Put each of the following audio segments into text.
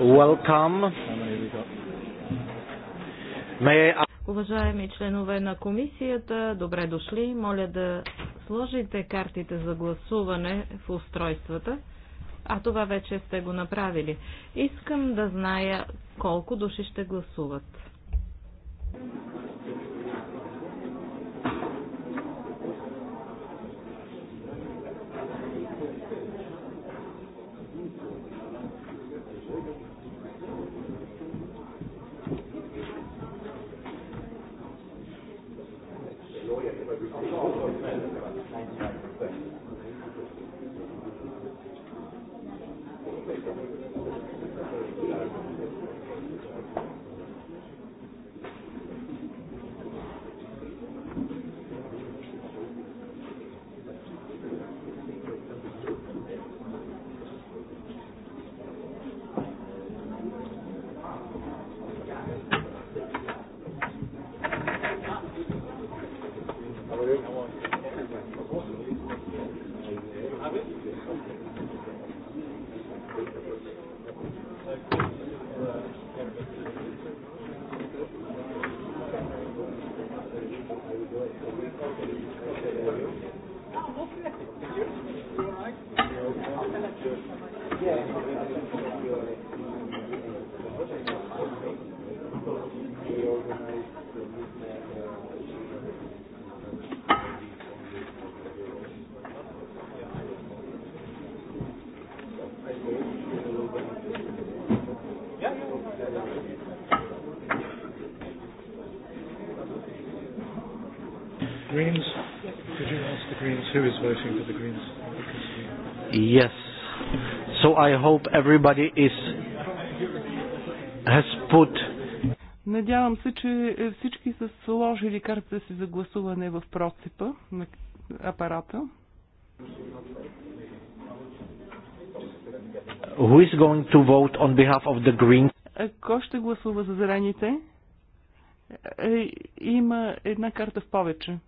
Welcome. May I... Уважаеми членове на комисията, добре дошли. Моля да сложите картите за гласуване в устройствата. А това вече сте го направили. Искам да зная колко души ще гласуват. I hope everybody is has put Надявам се, че всички са сложили картата си за гласуване в процепа на апарата. Who is going to vote on behalf of the Greens? Кой ще гласува за зелените? Е, има една карта в повече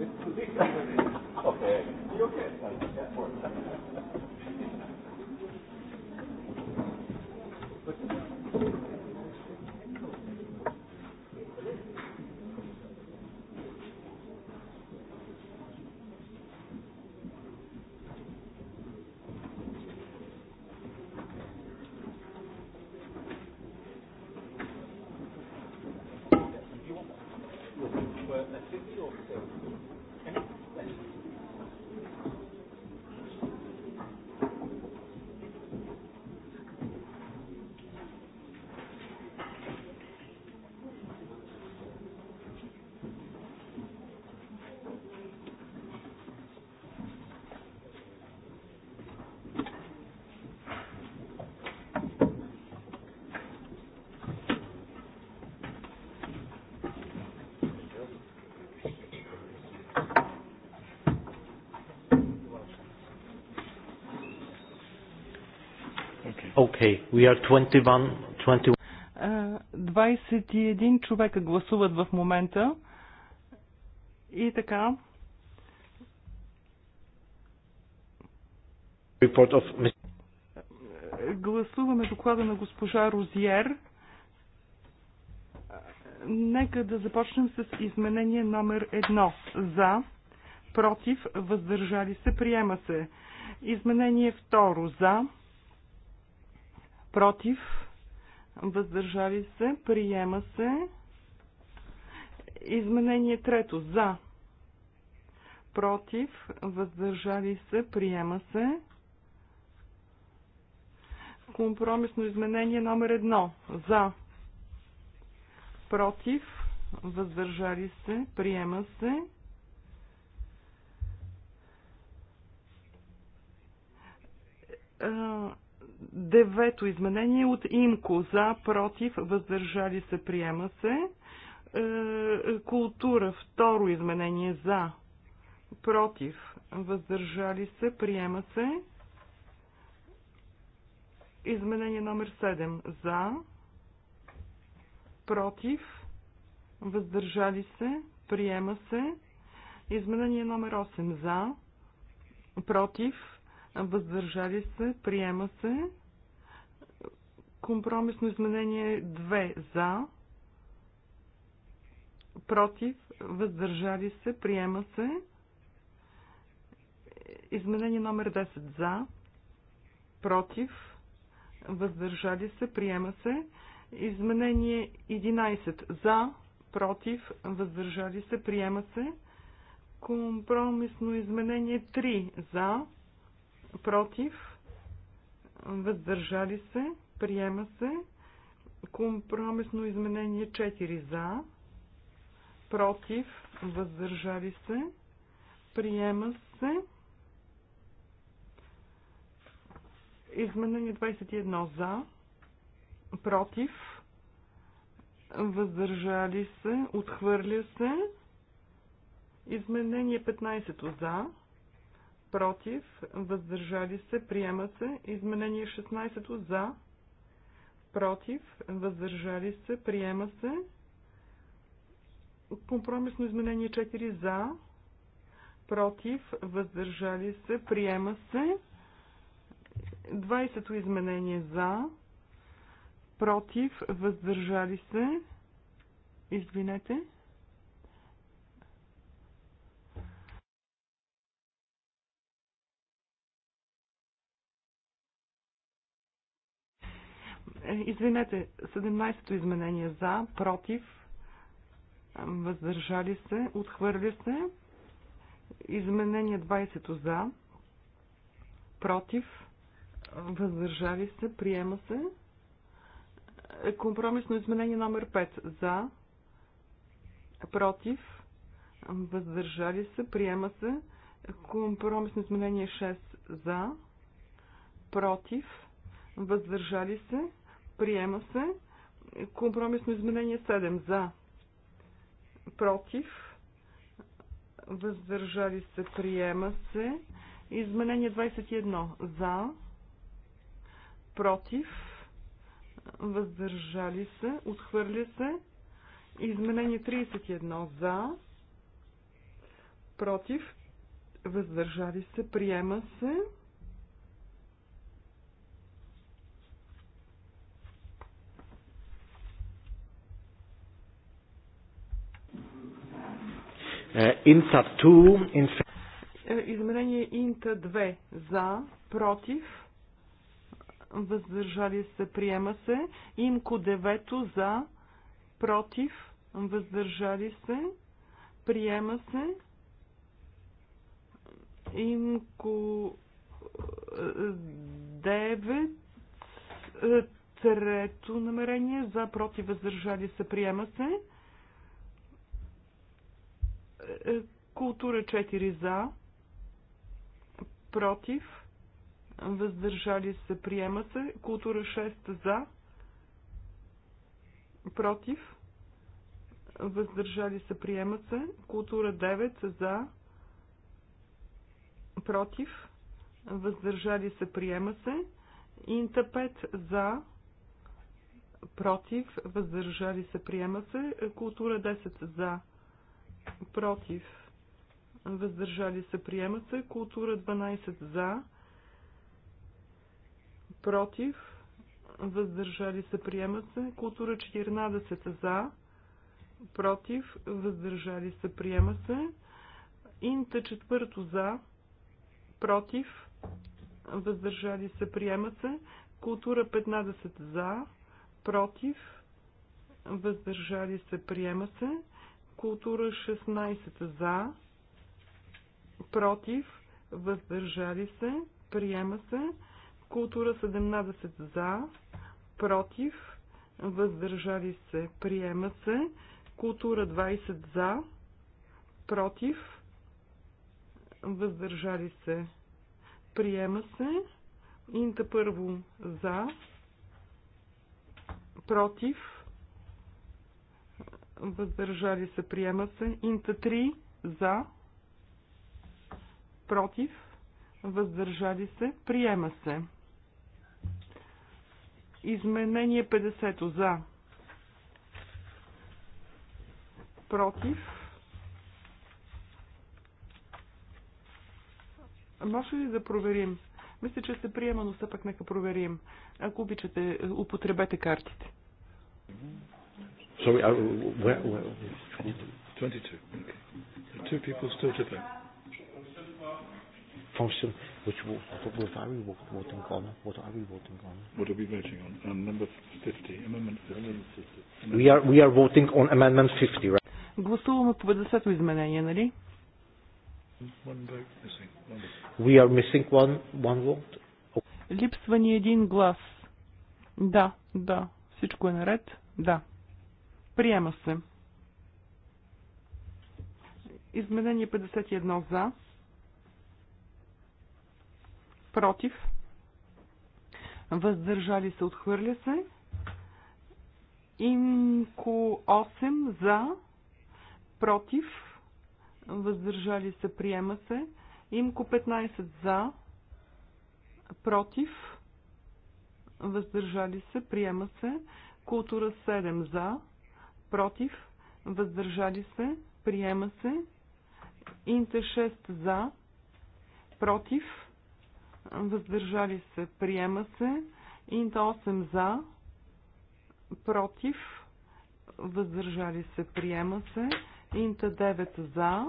okay. You okay? Okay, we are 21, 21. 21 човека гласуват в момента. И така. Of... Гласуваме доклада на госпожа Розиер. Нека да започнем с изменение номер едно. За, против, въздържали се, приема се. Изменение второ. За, против, въздържали се, приема се. Изменение трето за, против, въздържали се, приема се. Компромисно изменение номер едно за, против, въздържали се, приема се. Uh Девето изменение от Имко за, против, въздържали се, приема се. Е, култура, второ изменение за, против, въздържали се, приема се. Изменение номер 7 за, против, въздържали се, приема се. Изменение номер 8 за, против, въздържали се, приема се. Компромисно изменение 2 за, против, въздържали се, приема се. Изменение номер 10 за, против, въздържали се, приема се. Изменение 11 за, против, въздържали се, приема се. Компромисно изменение 3 за, против, въздържали се, приема се. Компромисно изменение 4 за, против, въздържали се, приема се. Изменение 21 за, против, въздържали се, отхвърля се. Изменение 15 за, против, въздържали се, приема се. Изменение 16 за, против, въздържали се, приема се. Компромисно изменение 4 за, против, въздържали се, приема се. 20-то изменение за, против, въздържали се, извинете, Извинете, 17-то изменение за, против, въздържали се, отхвърли се. Изменение 20-то за, против, въздържали се, приема се. Компромисно изменение номер 5 за, против, въздържали се, приема се. Компромисно изменение 6 за, против, въздържали се, Приема се. Компромисно изменение 7 за. Против. Въздържали се. Приема се. Изменение 21 за. Против. Въздържали се. Отхвърля се. Изменение 31 за. Против. Въздържали се. Приема се. Е, Инта 2. Инф... Е, Изменение Инта 2. За, против, въздържали се, приема се. Имко 9. За, против, въздържали се, приема се. Имко 9. Е, трето намерение за против въздържали се приема се. Е, култура 4 за, против, въздържали се, приема се. Култура 6 за, против, въздържали се, приема се. Култура 9 за, против, въздържали се, приема се. Инта 5 за, против, въздържали се, приема се. Култура 10 за, против против, въздържали се, приема се. Култура 12 за, против, въздържали се, приема се. Култура 14 за, против, въздържали се, приема се. Инта 4 за, против, въздържали се, приема се. Култура 15 за, против, въздържали се, приема се. Култура 16 за, против, въздържали се, приема се. Култура 17 за, против, въздържали се, приема се. Култура 20 за, против, въздържали се, приема се. Инта първо за, против, въздържали се, приема се. Инта 3 за, против, въздържали се, приема се. Изменение 50 за, против. Може ли да проверим? Мисля, че се приема, но все пак нека проверим. Ако обичате, употребете картите. Mm-hmm. Sorry, uh, where, where? 22. Okay. two people still to vote. Function, which what, are we voting on? What are we voting on? What are we voting on? Um, number 50, amendment 50. We are, we are voting on amendment 50, right? Гласуваме по 50-то изменение, нали? One vote missing. We are missing one, one vote. Okay. Липсва ни един глас. Да, да. Всичко е наред. Да. Приема се. Изменение 51 за. Против. Въздържали се, отхвърля се. Инко 8 за. Против. Въздържали се, приема се. Имко 15 за. Против. Въздържали се, приема се. Култура 7 за против, въздържали се, приема се. Инта 6 за, против, въздържали се, приема се. Инта 8 за, против, въздържали се, приема се. Инта 9 за,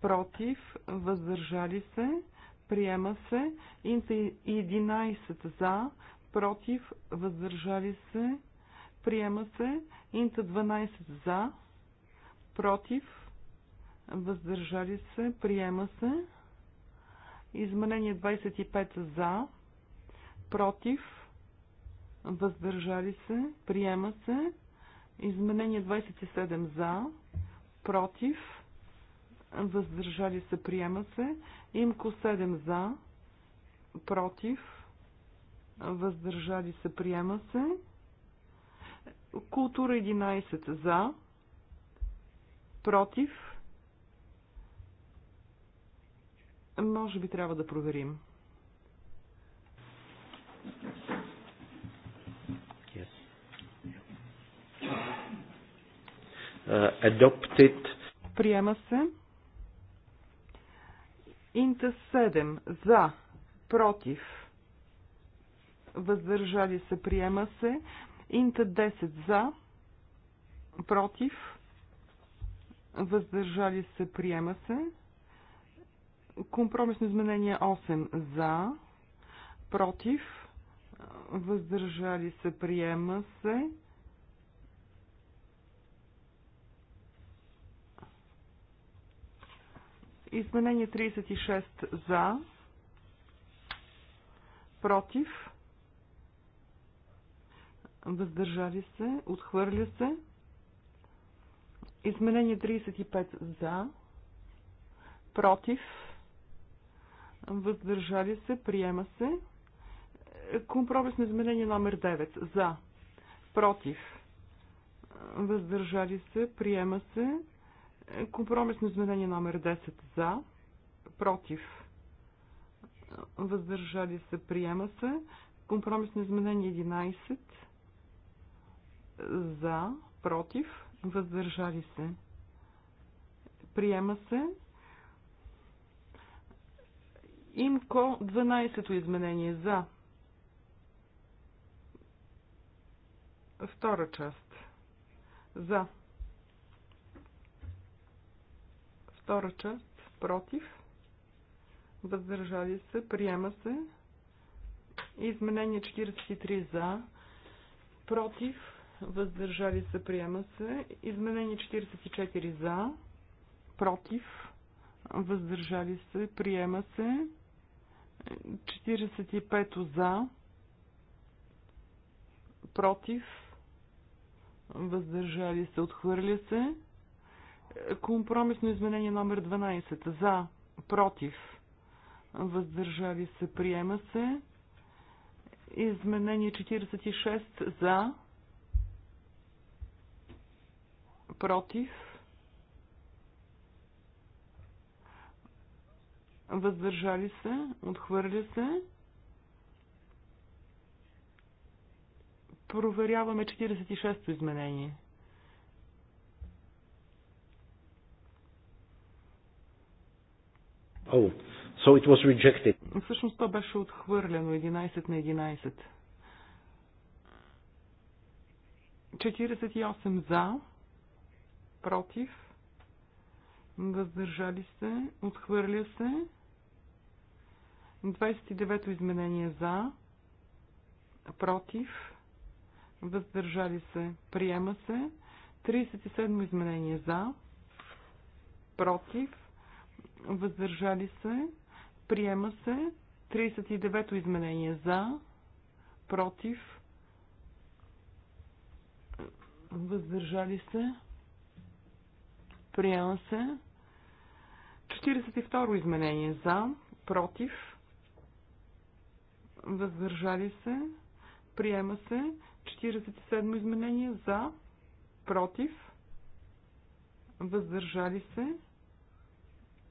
против, въздържали се, приема се. Инта 11 за, против, въздържали се, приема се. Инта 12 за, против, въздържали се, приема се. Изменение 25 за, против, въздържали се, приема се. Изменение 27 за, против, въздържали се, приема се. Имко 7 за, против, въздържали се, приема се. Култура 11 за, против. Може би трябва да проверим. Yes. Uh, adopted. Приема се. Инта 7 за, против въздържали се, приема се. Инта 10 за, против, въздържали се, приема се. Компромисно изменение 8 за, против, въздържали се, приема се. Изменение 36 за, против, въздържали се, отхвърля се. Изменение 35 за, против, въздържали се, приема се. Компромисно изменение номер 9 за, против, въздържали се, приема се. Компромисно изменение номер 10 за, против, въздържали се, приема се. Компромисно изменение 11 за, против, въздържали се. Приема се. Имко 12-то изменение за. Втора част. За. Втора част. Против. Въздържали се. Приема се. Изменение 43 за. Против въздържали се, приема се. Изменение 44 за, против, въздържали се, приема се. 45 за, против, въздържали се, отхвърля се. Компромисно изменение номер 12 за, против, въздържали се, приема се. Изменение 46 за, против, въздържали се, отхвърля се. Проверяваме 46-то изменение. Oh, so it was rejected. Всъщност то беше отхвърлено 11 на 11. 48 за, против, въздържали се, отхвърля се. 29-то изменение за, против, въздържали се, приема се. 37-то изменение за, против, въздържали се, приема се. 39-то изменение за, против, въздържали се. Приема се. 42 изменение за, против, въздържали се. Приема се. 47 изменение за, против, въздържали се.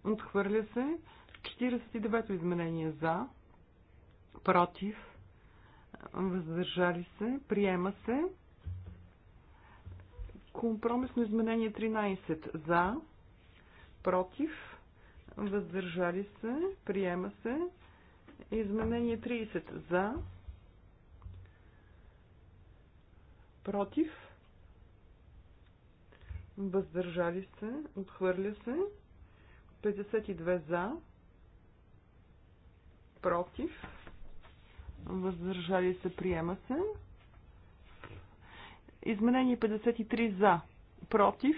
Отхвърля се. 49 изменение за, против, въздържали се. Приема се. Компромисно изменение 13 за, против, въздържали се, приема се. Изменение 30 за, против, въздържали се, отхвърля се. 52 за, против, въздържали се, приема се. Изменение 53 за, против,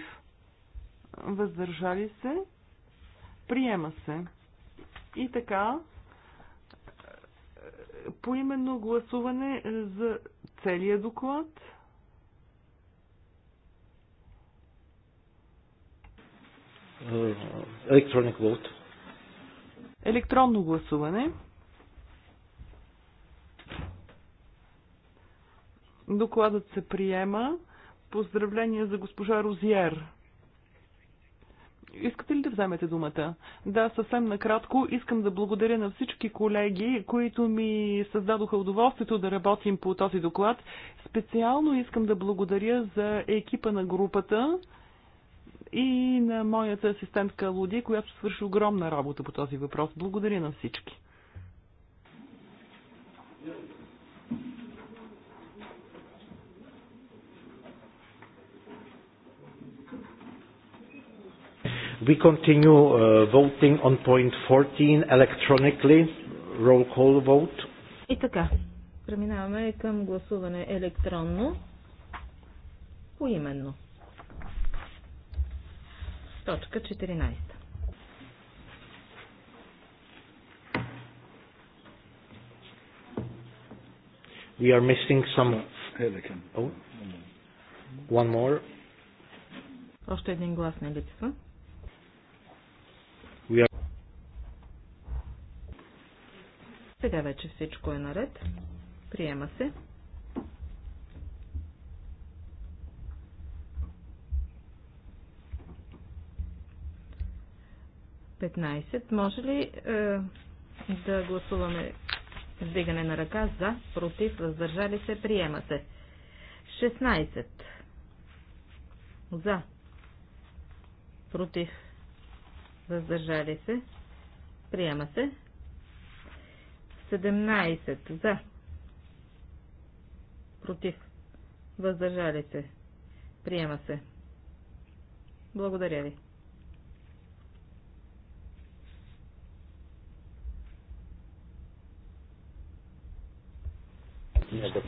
въздържали се, приема се. И така, поименно гласуване за целия доклад. Е, Електронник вод. Електронно гласуване. Докладът се приема. Поздравления за госпожа Розиер. Искате ли да вземете думата? Да, съвсем накратко. Искам да благодаря на всички колеги, които ми създадоха удоволствието да работим по този доклад. Специално искам да благодаря за екипа на групата и на моята асистентка Луди, която свърши огромна работа по този въпрос. Благодаря на всички. We continue uh, voting on point 14 electronically. Roll call vote. И така, преминаваме към гласуване електронно, поименно. Точка 14. We are missing some. Oh. One more. Още един глас не липсва. Сега вече всичко е наред. Приема се. Петнайсет. Може ли е, да гласуваме вдигане на ръка за, против, въздържали се, приема се. 16. За. Против. Въздържали се. Приема се. 17 за. Против. Въздържали се. Приема се. Благодаря ви. Между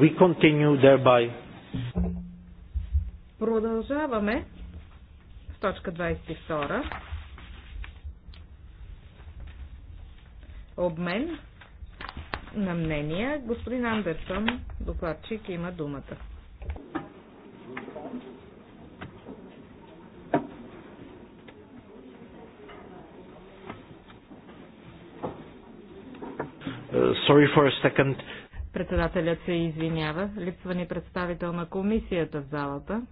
We continue thereby. Продължаваме с точка 22. Обмен на мнения. Господин Андерсон, докладчик, има думата. sorry for a second. Председателят се извинява. Липсва ни представител на комисията в залата.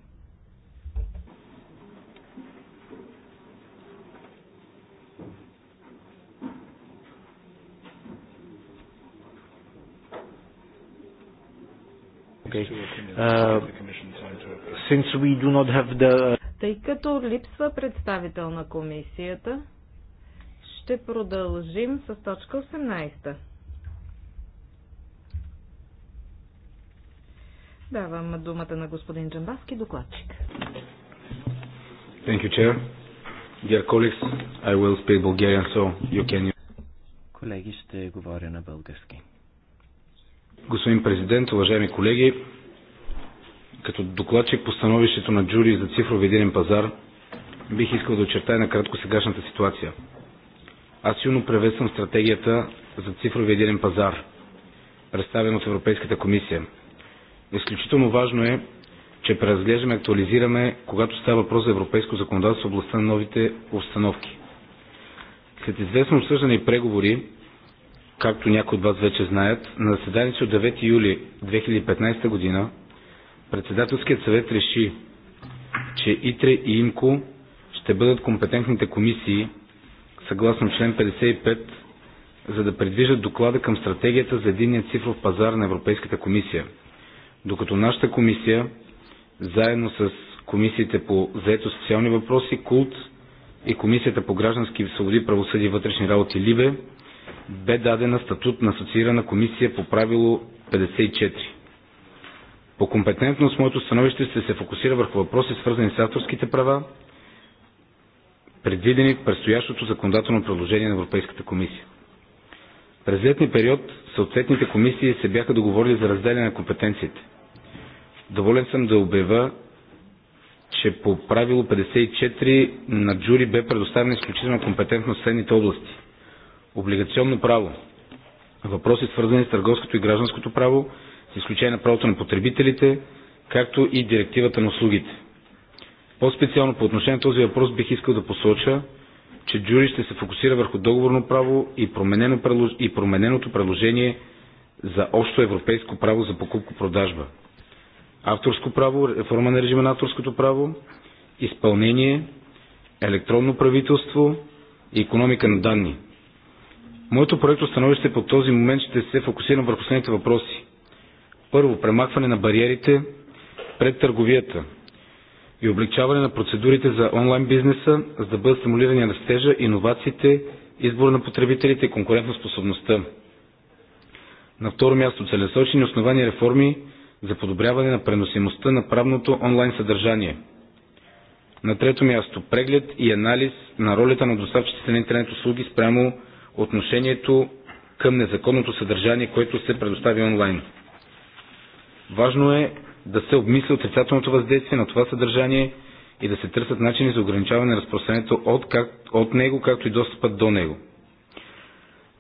Uh, Тъй като липсва представител на комисията, ще продължим с точка 18. Давам думата на господин Джамбаски, докладчик. Thank you, Chair. Dear colleagues, I will speak Bulgarian, so you can... Колеги, ще говоря на български. Господин президент, уважаеми колеги, като докладчик по становището на джури за цифров единен пазар, бих искал да очертая накратко сегашната ситуация. Аз силно приветствам стратегията за цифрови единен пазар, представен от Европейската комисия – Изключително важно е, че преразглеждаме, актуализираме, когато става въпрос за европейско законодателство в областта на новите установки. След известно обсъждане и преговори, както някои от вас вече знаят, на заседанието от 9 юли 2015 година Председателският съвет реши, че ИТРЕ и ИМКО ще бъдат компетентните комисии съгласно член 55, за да предвижат доклада към стратегията за единния цифров пазар на Европейската комисия – докато нашата комисия, заедно с комисиите по заето социални въпроси, култ и Комисията по граждански свободи, правосъди и вътрешни работи Либе, бе дадена статут на асоциирана комисия по правило 54. По компетентност моето становище ще се фокусира върху въпроси, свързани с авторските права, предвидени в предстоящото законодателно предложение на Европейската комисия. През летния период съответните комисии се бяха договорили за разделяне на компетенциите – Доволен съм да обява, че по правило 54 на джури бе предоставена изключителна компетентност в следните области. Облигационно право. Въпроси свързани с търговското и гражданското право, с изключение на правото на потребителите, както и директивата на услугите. По-специално по отношение на този въпрос бих искал да посоча, че джури ще се фокусира върху договорно право и, променено, и промененото предложение за общо европейско право за покупко-продажба – авторско право, реформа на режима на авторското право, изпълнение, електронно правителство и економика на данни. Моето проекто становище по този момент ще се фокусира върху следните въпроси. Първо, премахване на бариерите пред търговията и облегчаване на процедурите за онлайн бизнеса, за да бъдат стимулирани растежа, иновациите, избора на потребителите и конкурентоспособността. На второ място, целесочени основани реформи за подобряване на преносимостта на правното онлайн съдържание. На трето място, преглед и анализ на ролята на доставчиците на интернет услуги спрямо отношението към незаконното съдържание, което се предостави онлайн. Важно е да се обмисли отрицателното въздействие на това съдържание и да се търсят начини за ограничаване на разпространението от, как, от него, както и достъпът до него.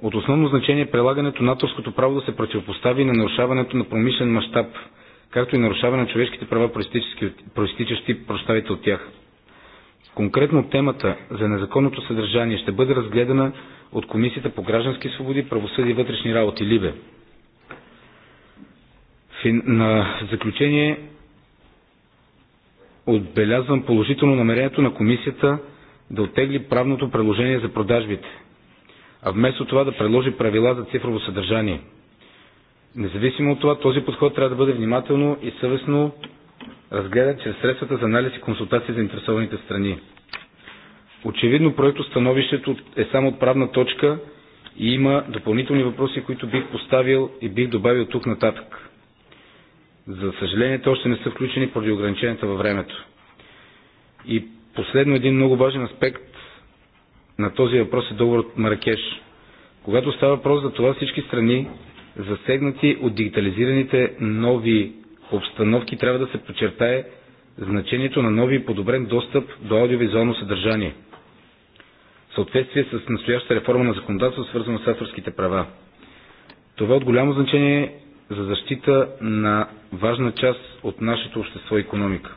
От основно значение е прилагането на авторското право да се противопостави на нарушаването на промишлен мащаб, както и нарушаване на човешките права, проистичащи прощавайте от тях. Конкретно темата за незаконното съдържание ще бъде разгледана от Комисията по граждански свободи, правосъди и вътрешни работи Либе. На заключение отбелязвам положително намерението на Комисията да отегли правното предложение за продажбите, а вместо това да предложи правила за цифрово съдържание. Независимо от това, този подход трябва да бъде внимателно и съвестно разгледан чрез средствата за анализ и консултации за интересованите страни. Очевидно проектостановището е само отправна точка и има допълнителни въпроси, които бих поставил и бих добавил тук нататък. За съжаление, те още не са включени поради ограниченията във времето. И последно един много важен аспект на този въпрос е договорът от Маракеш. Когато става въпрос за това всички страни, засегнати от дигитализираните нови обстановки, трябва да се подчертае значението на нови и подобрен достъп до аудиовизуално съдържание. В съответствие с настоящата реформа на законодателство, свързано с авторските права. Това е от голямо значение за защита на важна част от нашето общество и економика.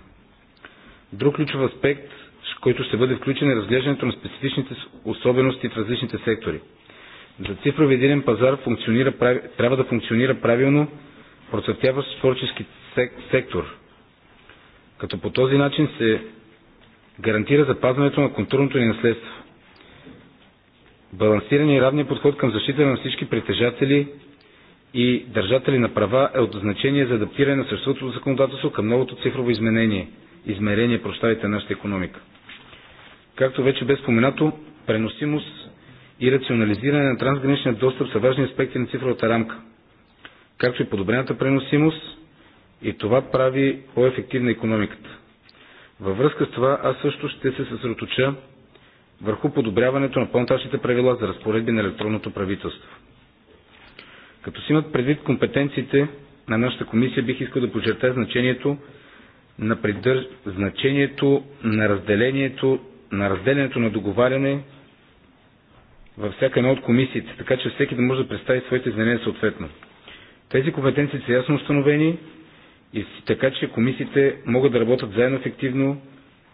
Друг ключов аспект който ще бъде включен и разглеждането на специфичните особености в различните сектори. За цифрови единен пазар трябва да функционира правилно процъфтяващ творчески сектор, като по този начин се гарантира запазването на културното ни наследство. Балансиран и равния подход към защита на всички притежатели и държатели на права е от значение за адаптиране на съществото законодателство към новото цифрово изменение, измерение, прощавайте, нашата економика. Както вече бе споменато, преносимост и рационализиране на трансграничния достъп са важни аспекти на цифровата рамка, както и подобрената преносимост и това прави по-ефективна економиката. Във връзка с това аз също ще се съсредоточа върху подобряването на по правила за разпоредби на електронното правителство. Като си имат предвид компетенциите на нашата комисия, бих искал да подчертая значението на, придър... значението на разделението на разделянето на договаряне във всяка една от комисиите, така че всеки да може да представи своите изменения съответно. Тези компетенции са ясно установени и така, че комисиите могат да работят заедно ефективно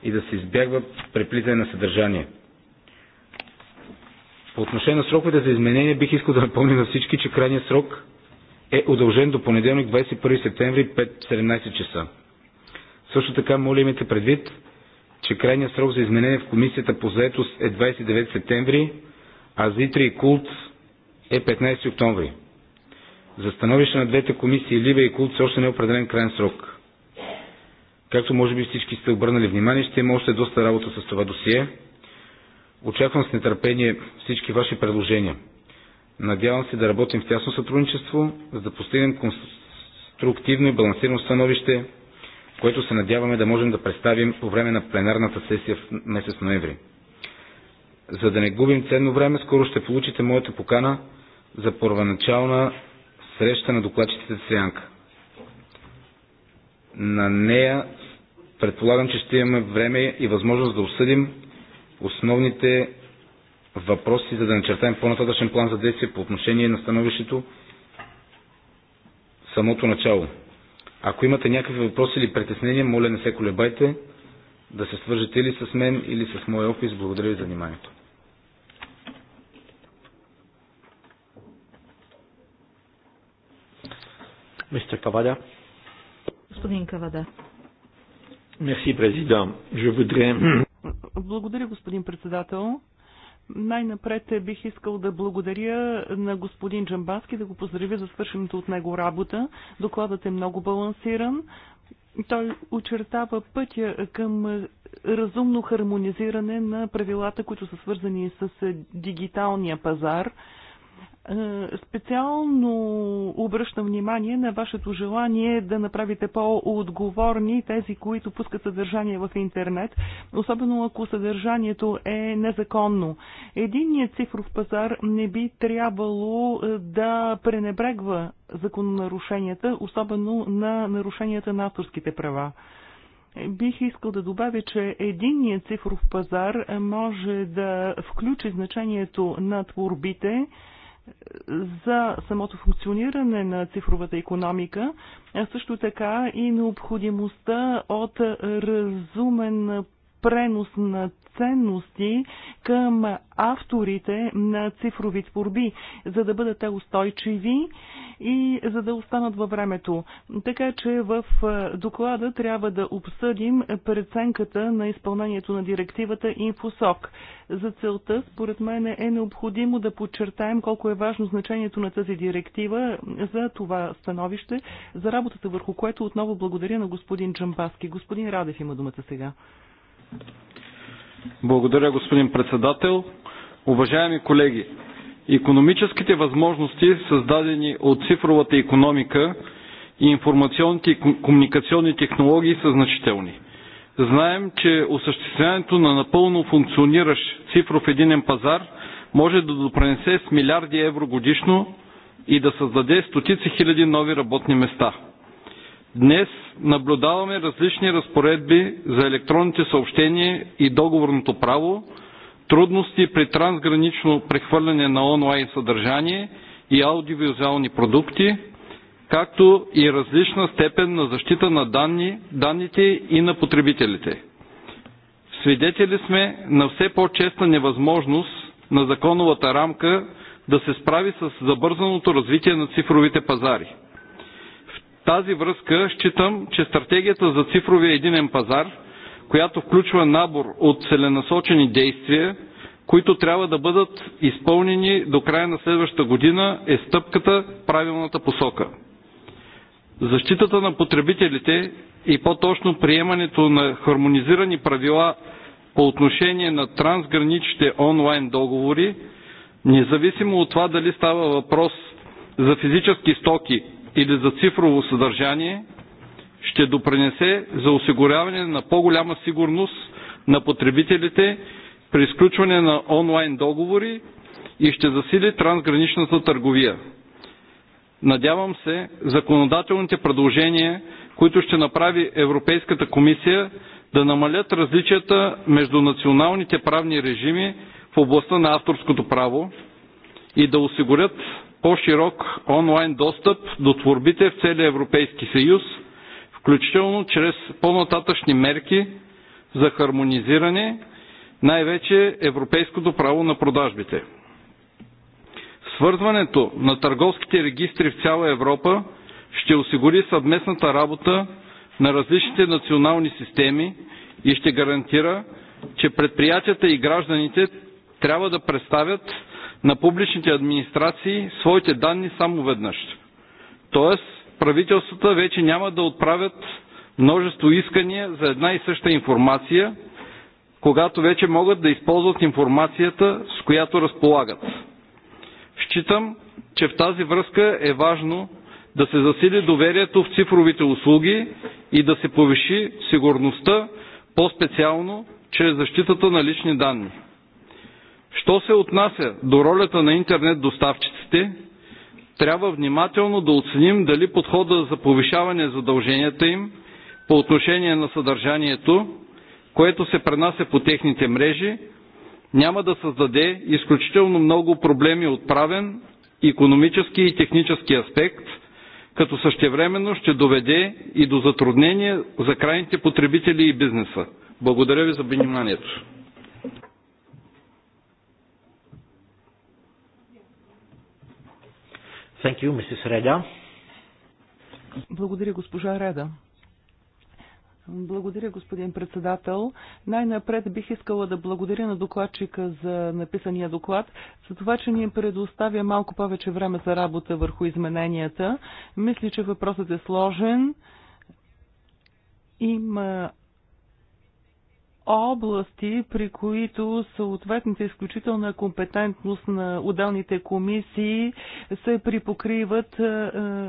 и да се избягва преплитане на съдържание. По отношение на сроковете за изменение бих искал да напомня на всички, че крайният срок е удължен до понеделник 21 септември 5-17 часа. Също така моля имайте предвид, че крайният срок за изменение в Комисията по заетост е 29 септември, а за ИТРИ и КУЛТ е 15 октомври. За становище на двете комисии Либе и Култ все още не е определен крайен срок. Както може би всички сте обърнали внимание, ще има още доста работа с това досие. Очаквам с нетърпение всички ваши предложения. Надявам се да работим в тясно сътрудничество, за да постигнем конструктивно и балансирано становище, което се надяваме да можем да представим по време на пленарната сесия в месец ноември. За да не губим ценно време, скоро ще получите моята покана за първоначална среща на докладчиците в Сянка. На нея предполагам, че ще имаме време и възможност да обсъдим основните въпроси, за да начертаем по-нататъчен план за действие по отношение на становището самото начало. Ако имате някакви въпроси или притеснения, моля не се колебайте да се свържете или с мен, или с моя офис. Благодаря ви за вниманието. Мистер Кавада. Господин Кавада. Мерси, президент. Благодаря, господин председател. Най-напред бих искал да благодаря на господин Джамбаски, да го поздравя за свършената от него работа. Докладът е много балансиран. Той очертава пътя към разумно хармонизиране на правилата, които са свързани с дигиталния пазар е, специално обръщам внимание на вашето желание да направите по-отговорни тези, които пускат съдържание в интернет, особено ако съдържанието е незаконно. Единният цифров пазар не би трябвало е, да пренебрегва закононарушенията, особено на нарушенията на авторските права. Бих искал да добавя, че единният цифров пазар може да включи значението на творбите, за самото функциониране на цифровата економика, а също така и необходимостта от разумен пренос на ценности към авторите на цифрови творби, за да бъдат те устойчиви и за да останат във времето. Така че в доклада трябва да обсъдим преценката на изпълнението на директивата Инфосок. За целта, според мен, е необходимо да подчертаем колко е важно значението на тази директива за това становище, за работата върху което отново благодаря на господин Джамбаски. Господин Радев има думата сега. Благодаря, господин председател. Уважаеми колеги, економическите възможности, създадени от цифровата економика и информационните и комуникационни технологии са значителни. Знаем, че осъществяването на напълно функциониращ цифров единен пазар може да допренесе с милиарди евро годишно и да създаде стотици хиляди нови работни места – Днес наблюдаваме различни разпоредби за електронните съобщения и договорното право, трудности при трансгранично прехвърляне на онлайн съдържание и аудиовизуални продукти, както и различна степен на защита на данни, данните и на потребителите. Свидетели сме на все по-честа невъзможност на законовата рамка да се справи с забързаното развитие на цифровите пазари – тази връзка считам, че стратегията за цифровия единен пазар, която включва набор от целенасочени действия, които трябва да бъдат изпълнени до края на следващата година, е стъпката в правилната посока. Защитата на потребителите и по-точно приемането на хармонизирани правила по отношение на трансграничните онлайн договори, независимо от това дали става въпрос за физически стоки или за цифрово съдържание ще допринесе за осигуряване на по-голяма сигурност на потребителите при изключване на онлайн договори и ще засили трансграничната търговия. Надявам се законодателните предложения, които ще направи Европейската комисия, да намалят различията между националните правни режими в областта на авторското право и да осигурят по-широк онлайн достъп до творбите в целия Европейски съюз, включително чрез по-нататъчни мерки за хармонизиране, най-вече европейското право на продажбите. Свързването на търговските регистри в цяла Европа ще осигури съвместната работа на различните национални системи и ще гарантира, че предприятията и гражданите трябва да представят на публичните администрации своите данни само веднъж. Тоест, правителствата вече няма да отправят множество искания за една и съща информация, когато вече могат да използват информацията, с която разполагат. Считам, че в тази връзка е важно да се засили доверието в цифровите услуги и да се повиши сигурността, по-специално чрез защитата на лични данни. Що се отнася до ролята на интернет доставчиците, трябва внимателно да оценим дали подхода за повишаване задълженията им по отношение на съдържанието, което се пренася по техните мрежи, няма да създаде изключително много проблеми от правен, економически и технически аспект, като същевременно ще доведе и до затруднения за крайните потребители и бизнеса. Благодаря ви за вниманието. Thank you, Mrs. Reda. Благодаря, госпожа Реда. Благодаря, господин председател. Най-напред бих искала да благодаря на докладчика за написания доклад, за това, че ни предоставя малко повече време за работа върху измененията. Мисля, че въпросът е сложен. Има области, при които съответната изключителна компетентност на отделните комисии се припокриват, е,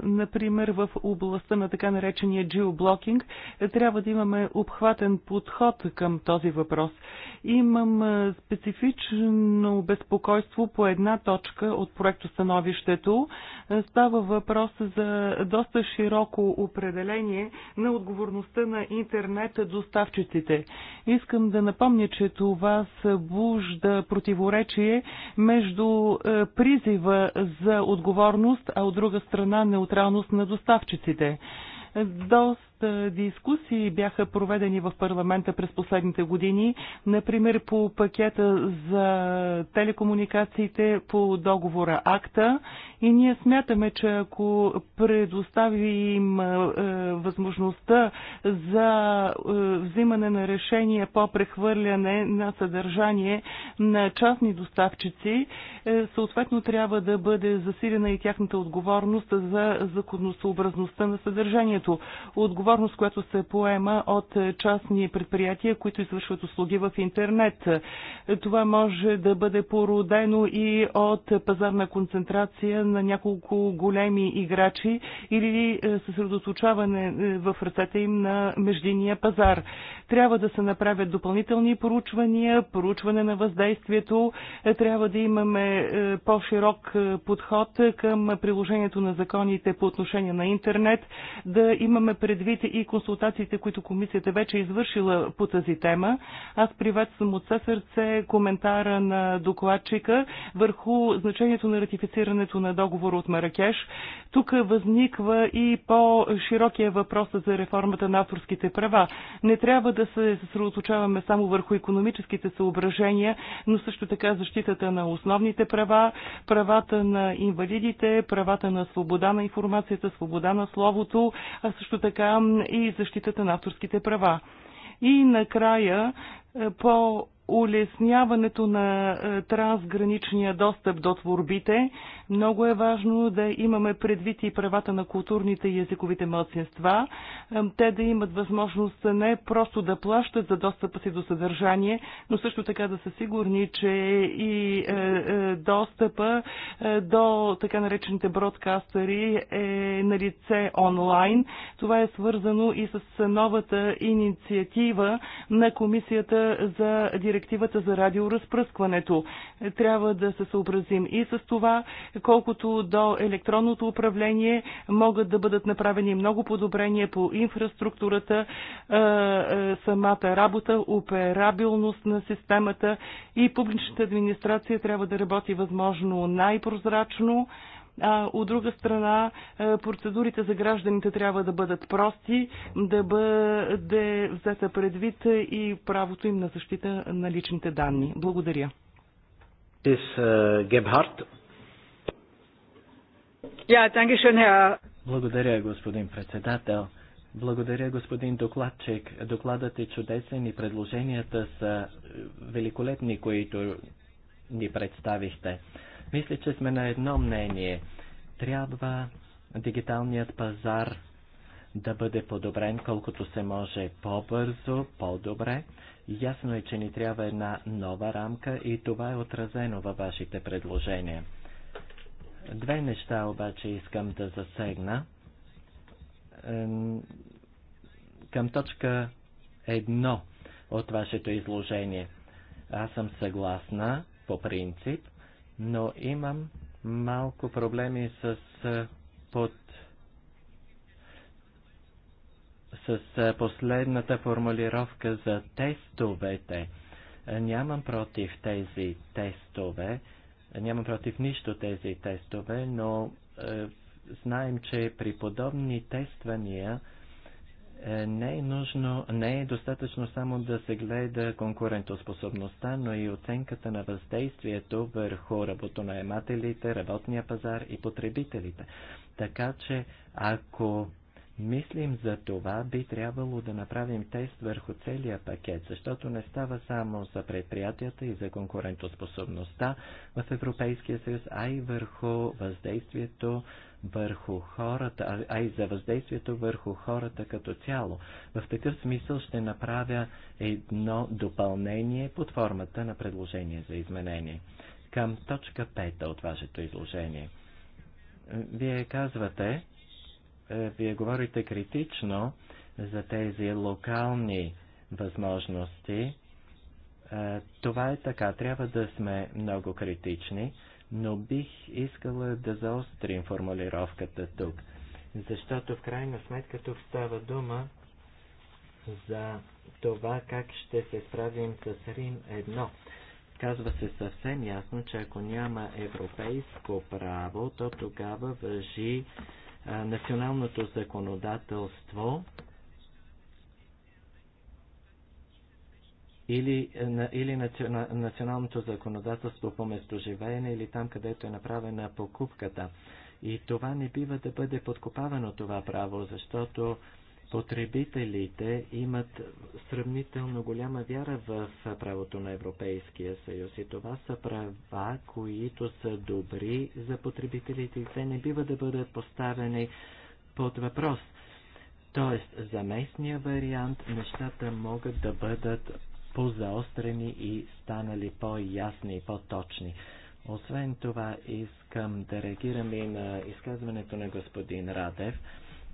например в областта на така наречения геоблокинг, трябва да имаме обхватен подход към този въпрос. Имам е, специфично безпокойство по една точка от проектостановището. Е, става въпрос за доста широко определение на отговорността на интернет доставчиците. Искам да напомня, че това събужда противоречие между е, призива за отговорност, а от друга страна неутралност на доставчиците. Доста дискусии бяха проведени в парламента през последните години, например по пакета за телекомуникациите по договора АКТА и ние смятаме, че ако предоставим възможността за взимане на решение по прехвърляне на съдържание на частни доставчици, е, съответно трябва да бъде засилена и тяхната отговорност за законосообразността на съдържанието отговорност, която се поема от частни предприятия, които извършват услуги в интернет. Това може да бъде породено и от пазарна концентрация на няколко големи играчи или съсредоточаване е, в ръцете им на междиния пазар. Трябва да се направят допълнителни поручвания, поручване на въздействието, е, трябва да имаме е, по-широк подход към приложението на законите по отношение на интернет, да имаме предвид преговорите и консултациите, които комисията вече е извършила по тази тема. Аз приветствам от все сърце коментара на докладчика върху значението на ратифицирането на договора от Маракеш. Тук възниква и по-широкия въпрос за реформата на авторските права. Не трябва да се съсредоточаваме само върху економическите съображения, но също така защитата на основните права, правата на инвалидите, правата на свобода на информацията, свобода на словото, а също така и защитата на авторските права. И накрая е, по улесняването на е, трансграничния достъп до творбите. Много е важно да имаме предвид и правата на културните и езиковите младсинства. Е, те да имат възможност не просто да плащат за достъпа си до съдържание, но също така да са сигурни, че и е, достъпа до така наречените бродкастери е на лице онлайн. Това е свързано и с новата инициатива на Комисията за директор директивата за радиоразпръскването. Трябва да се съобразим и с това, колкото до електронното управление могат да бъдат направени много подобрения по инфраструктурата, е, е, самата работа, операбилност на системата и публичната администрация трябва да работи възможно най-прозрачно, а от друга страна е, процедурите за гражданите трябва да бъдат прости, да бъде взета предвид и правото им на защита на личните данни. Благодаря. Е, Благодаря, господин председател. Благодаря, господин докладчик. Докладът е чудесен и предложенията са е, великолепни, които ни представихте. Мисля, че сме на едно мнение. Трябва дигиталният пазар да бъде подобрен колкото се може по-бързо, по-добре. Ясно е, че ни трябва една нова рамка и това е отразено във вашите предложения. Две неща обаче искам да засегна. Към точка едно от вашето изложение. Аз съм съгласна по принцип, но имам малко проблеми с под с последната формулировка за тестовете. Нямам против тези тестове, нямам против нищо тези тестове, но е, знаем, че при подобни тествания е, не е нужно, не е достатъчно само да се гледа конкурентоспособността, но и оценката на въздействието върху работонаемателите, работния пазар и потребителите. Така че, ако мислим за това, би трябвало да направим тест върху целия пакет, защото не става само за предприятията и за конкурентоспособността в Европейския съюз, а и върху въздействието върху хората, а, и за въздействието върху хората като цяло. В такъв смисъл ще направя едно допълнение под формата на предложение за изменение. Към точка 5 от вашето изложение. Вие казвате, е, вие говорите критично за тези локални възможности. Е, това е така, трябва да сме много критични, но бих искала да заострим формулировката тук, защото в крайна сметка тук става дума за това как ще се справим с Рим едно. Казва се съвсем ясно, че ако няма европейско право, то тогава въжи а, националното законодателство или, е, на или на, националното законодателство по местоживеене или там, където е направена покупката. И това не бива да бъде подкопавано това право, защото потребителите имат сравнително голяма вяра в правото на Европейския съюз и това са права, които са добри за потребителите и те не бива да бъдат поставени под въпрос. Тоест, за местния вариант нещата могат да бъдат по-заострени и станали по-ясни и по-точни. Освен това, искам да реагирам и на изказването на господин Радев.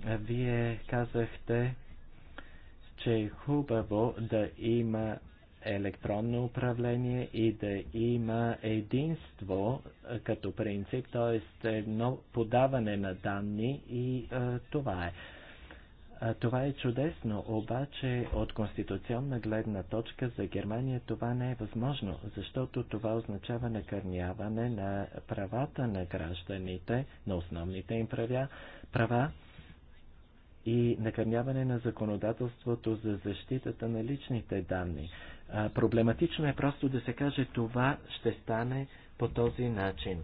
Вие казахте, че е хубаво да има електронно управление и да има единство като принцип, т.е. едно подаване на данни и е, това е. Това е чудесно, обаче от конституционна гледна точка за Германия това не е възможно, защото това означава накърняване на правата на гражданите, на основните им правя, права и накърняване на законодателството за защитата на личните данни. Проблематично е просто да се каже това ще стане по този начин.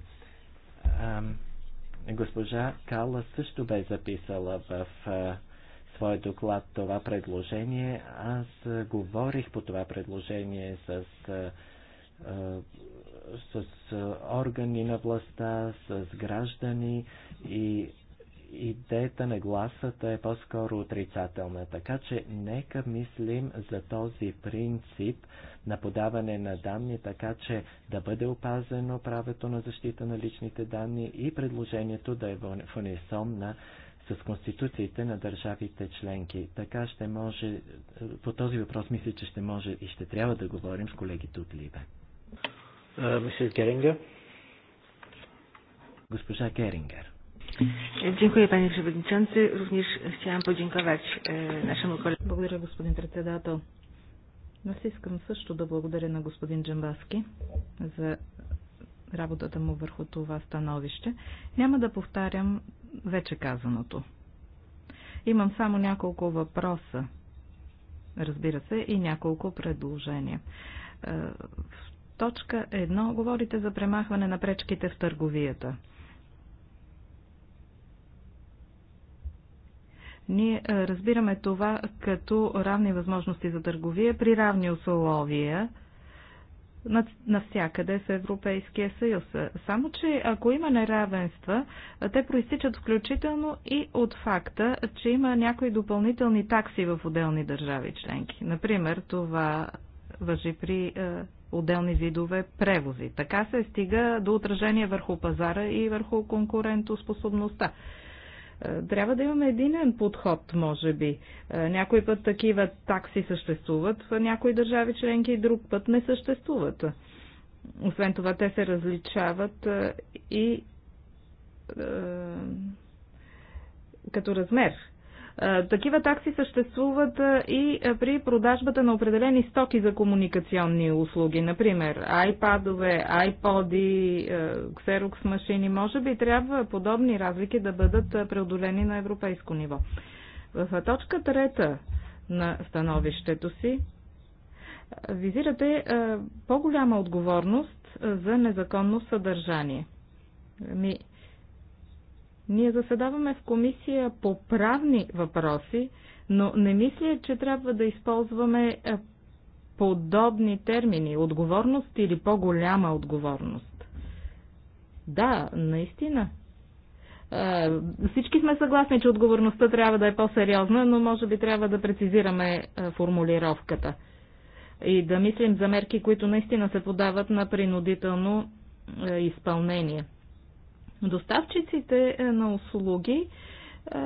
Госпожа Кала също бе записала в твой доклад това предложение. Аз говорих по това предложение с, с органи на властта, с граждани и идеята на гласата е по-скоро отрицателна. Така че нека мислим за този принцип на подаване на данни, така че да бъде опазено правото на защита на личните данни и предложението да е в унисон на с конституциите на държавите членки. Така ще може, по този въпрос мисля, че ще може и ще трябва да говорим с колегите от Либе. Мисис Герингер. Госпожа Герингер. Dziękuję panie przewodniczący. Również chciałam podziękować e, naszemu koledze. Благодаря господин председател. Аз искам също да благодаря на господин Джамбаски за работата му върху това становище. Няма да повтарям вече казаното. Имам само няколко въпроса, разбира се, и няколко предложения. Е, в точка 1 говорите за премахване на пречките в търговията. Ние е, разбираме това като равни възможности за търговия при равни условия – навсякъде в Европейския съюз. Само, че ако има неравенства, те проистичат включително и от факта, че има някои допълнителни такси в отделни държави членки. Например, това въжи при е, отделни видове превози. Така се стига до отражение върху пазара и върху конкурентоспособността. Е, трябва да имаме единен подход, може би. Е, някой път такива такси съществуват в някои държави членки и друг път не съществуват. Освен това, те се различават е, и като размер е, такива такси съществуват е, и е, при продажбата на определени стоки за комуникационни услуги, например iPad-ове, iPod-и, Xerox машини. Може би трябва подобни разлики да бъдат преодолени на европейско ниво. В точка трета на становището си визирате по-голяма отговорност за незаконно съдържание. Ми, ние заседаваме в комисия по правни въпроси, но не мисля, че трябва да използваме е, подобни термини отговорност или по-голяма отговорност. Да, наистина. Е, всички сме съгласни, че отговорността трябва да е по-сериозна, но може би трябва да прецизираме е, формулировката и да мислим за мерки, които наистина се подават на принудително изпълнение. Доставчиците е, на услуги е,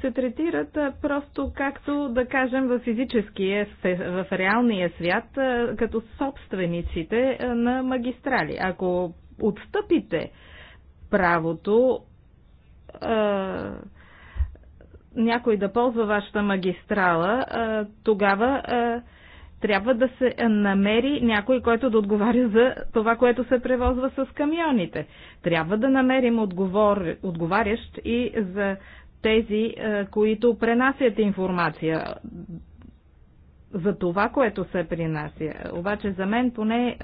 се третират е, просто както да кажем в физическия, в реалния свят, като собствениците на магистрали. Ако отстъпите правото някой да ползва вашата магистрала, тогава трябва да се намери някой, който да отговаря за това, което се превозва с камионите. Трябва да намерим отговор, отговарящ и за тези, е, които пренасят информация за това, което се принася. Обаче за мен поне е,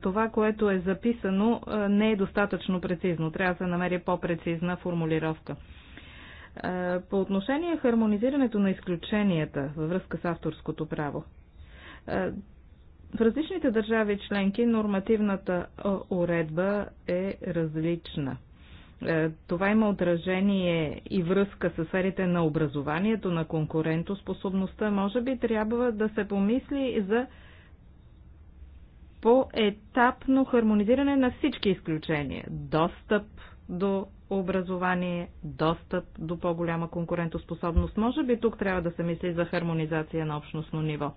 това, което е записано, е, не е достатъчно прецизно. Трябва да се намери по-прецизна формулировка. По отношение хармонизирането на изключенията във връзка с авторското право. Е, в различните държави членки нормативната е, уредба е различна. Е, това има отражение и връзка с сферите на образованието, на конкурентоспособността. Може би трябва да се помисли за по-етапно хармонизиране на всички изключения. Достъп до образование, достъп до по-голяма конкурентоспособност. Може би тук трябва да се мисли за хармонизация на общностно ниво.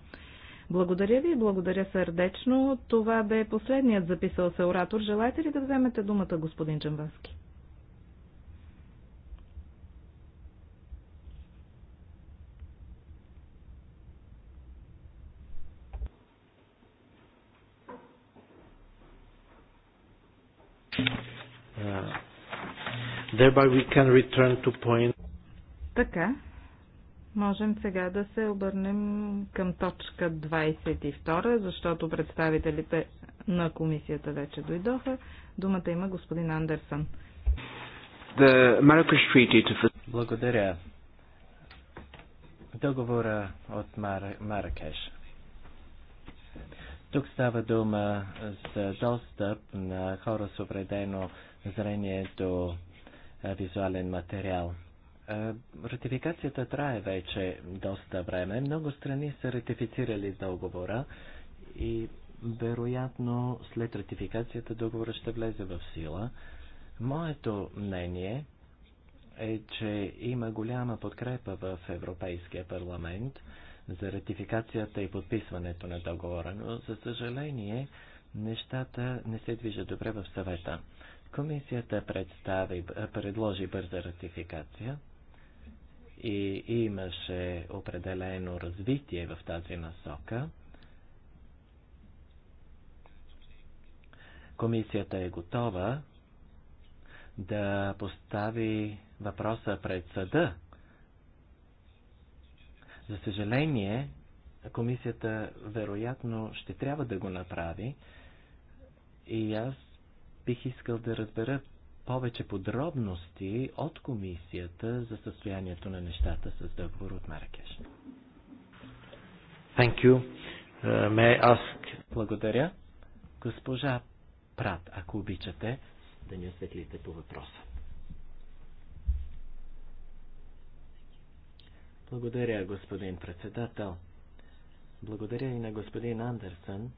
Благодаря ви, благодаря сърдечно. Това бе последният записал се оратор. Желаете ли да вземете думата, господин Джамбаски? Uh, thereby we can return to point. Така, Можем сега да се обърнем към точка 22, защото представителите на комисията вече дойдоха. Думата има господин Андерсън. Благодаря. Договора от Мар... Маракеш. Тук става дума за достъп на хора с увредено зрение до визуален материал. Е, ратификацията трае вече доста време. Много страни са ратифицирали договора и вероятно след ратификацията договора ще влезе в сила. Моето мнение е, че има голяма подкрепа в Европейския парламент за ратификацията и подписването на договора, но за съжаление нещата не се движат добре в съвета. Комисията представи, предложи бърза ратификация и имаше определено развитие в тази насока. Комисията е готова да постави въпроса пред съда. За съжаление, комисията вероятно ще трябва да го направи и аз бих искал да разбера повече подробности от комисията за състоянието на нещата с договор от Маракеш. Thank you. Uh, may I ask... Благодаря. Госпожа Прат, ако обичате, да ни осветлите по въпроса. Благодаря, господин председател. Благодаря и на господин Андерсън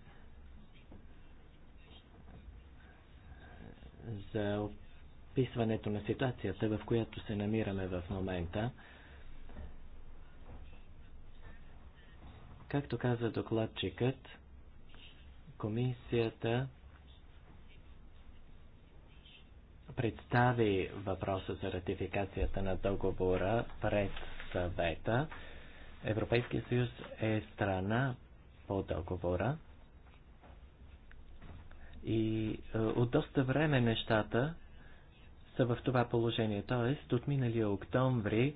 за описването на ситуацията, в която се намираме в момента. Както каза докладчикът, комисията представи въпроса за ратификацията на договора пред съвета. Европейския съюз е страна по договора. И е, от доста време нещата са в това положение. Т.е. от миналия октомври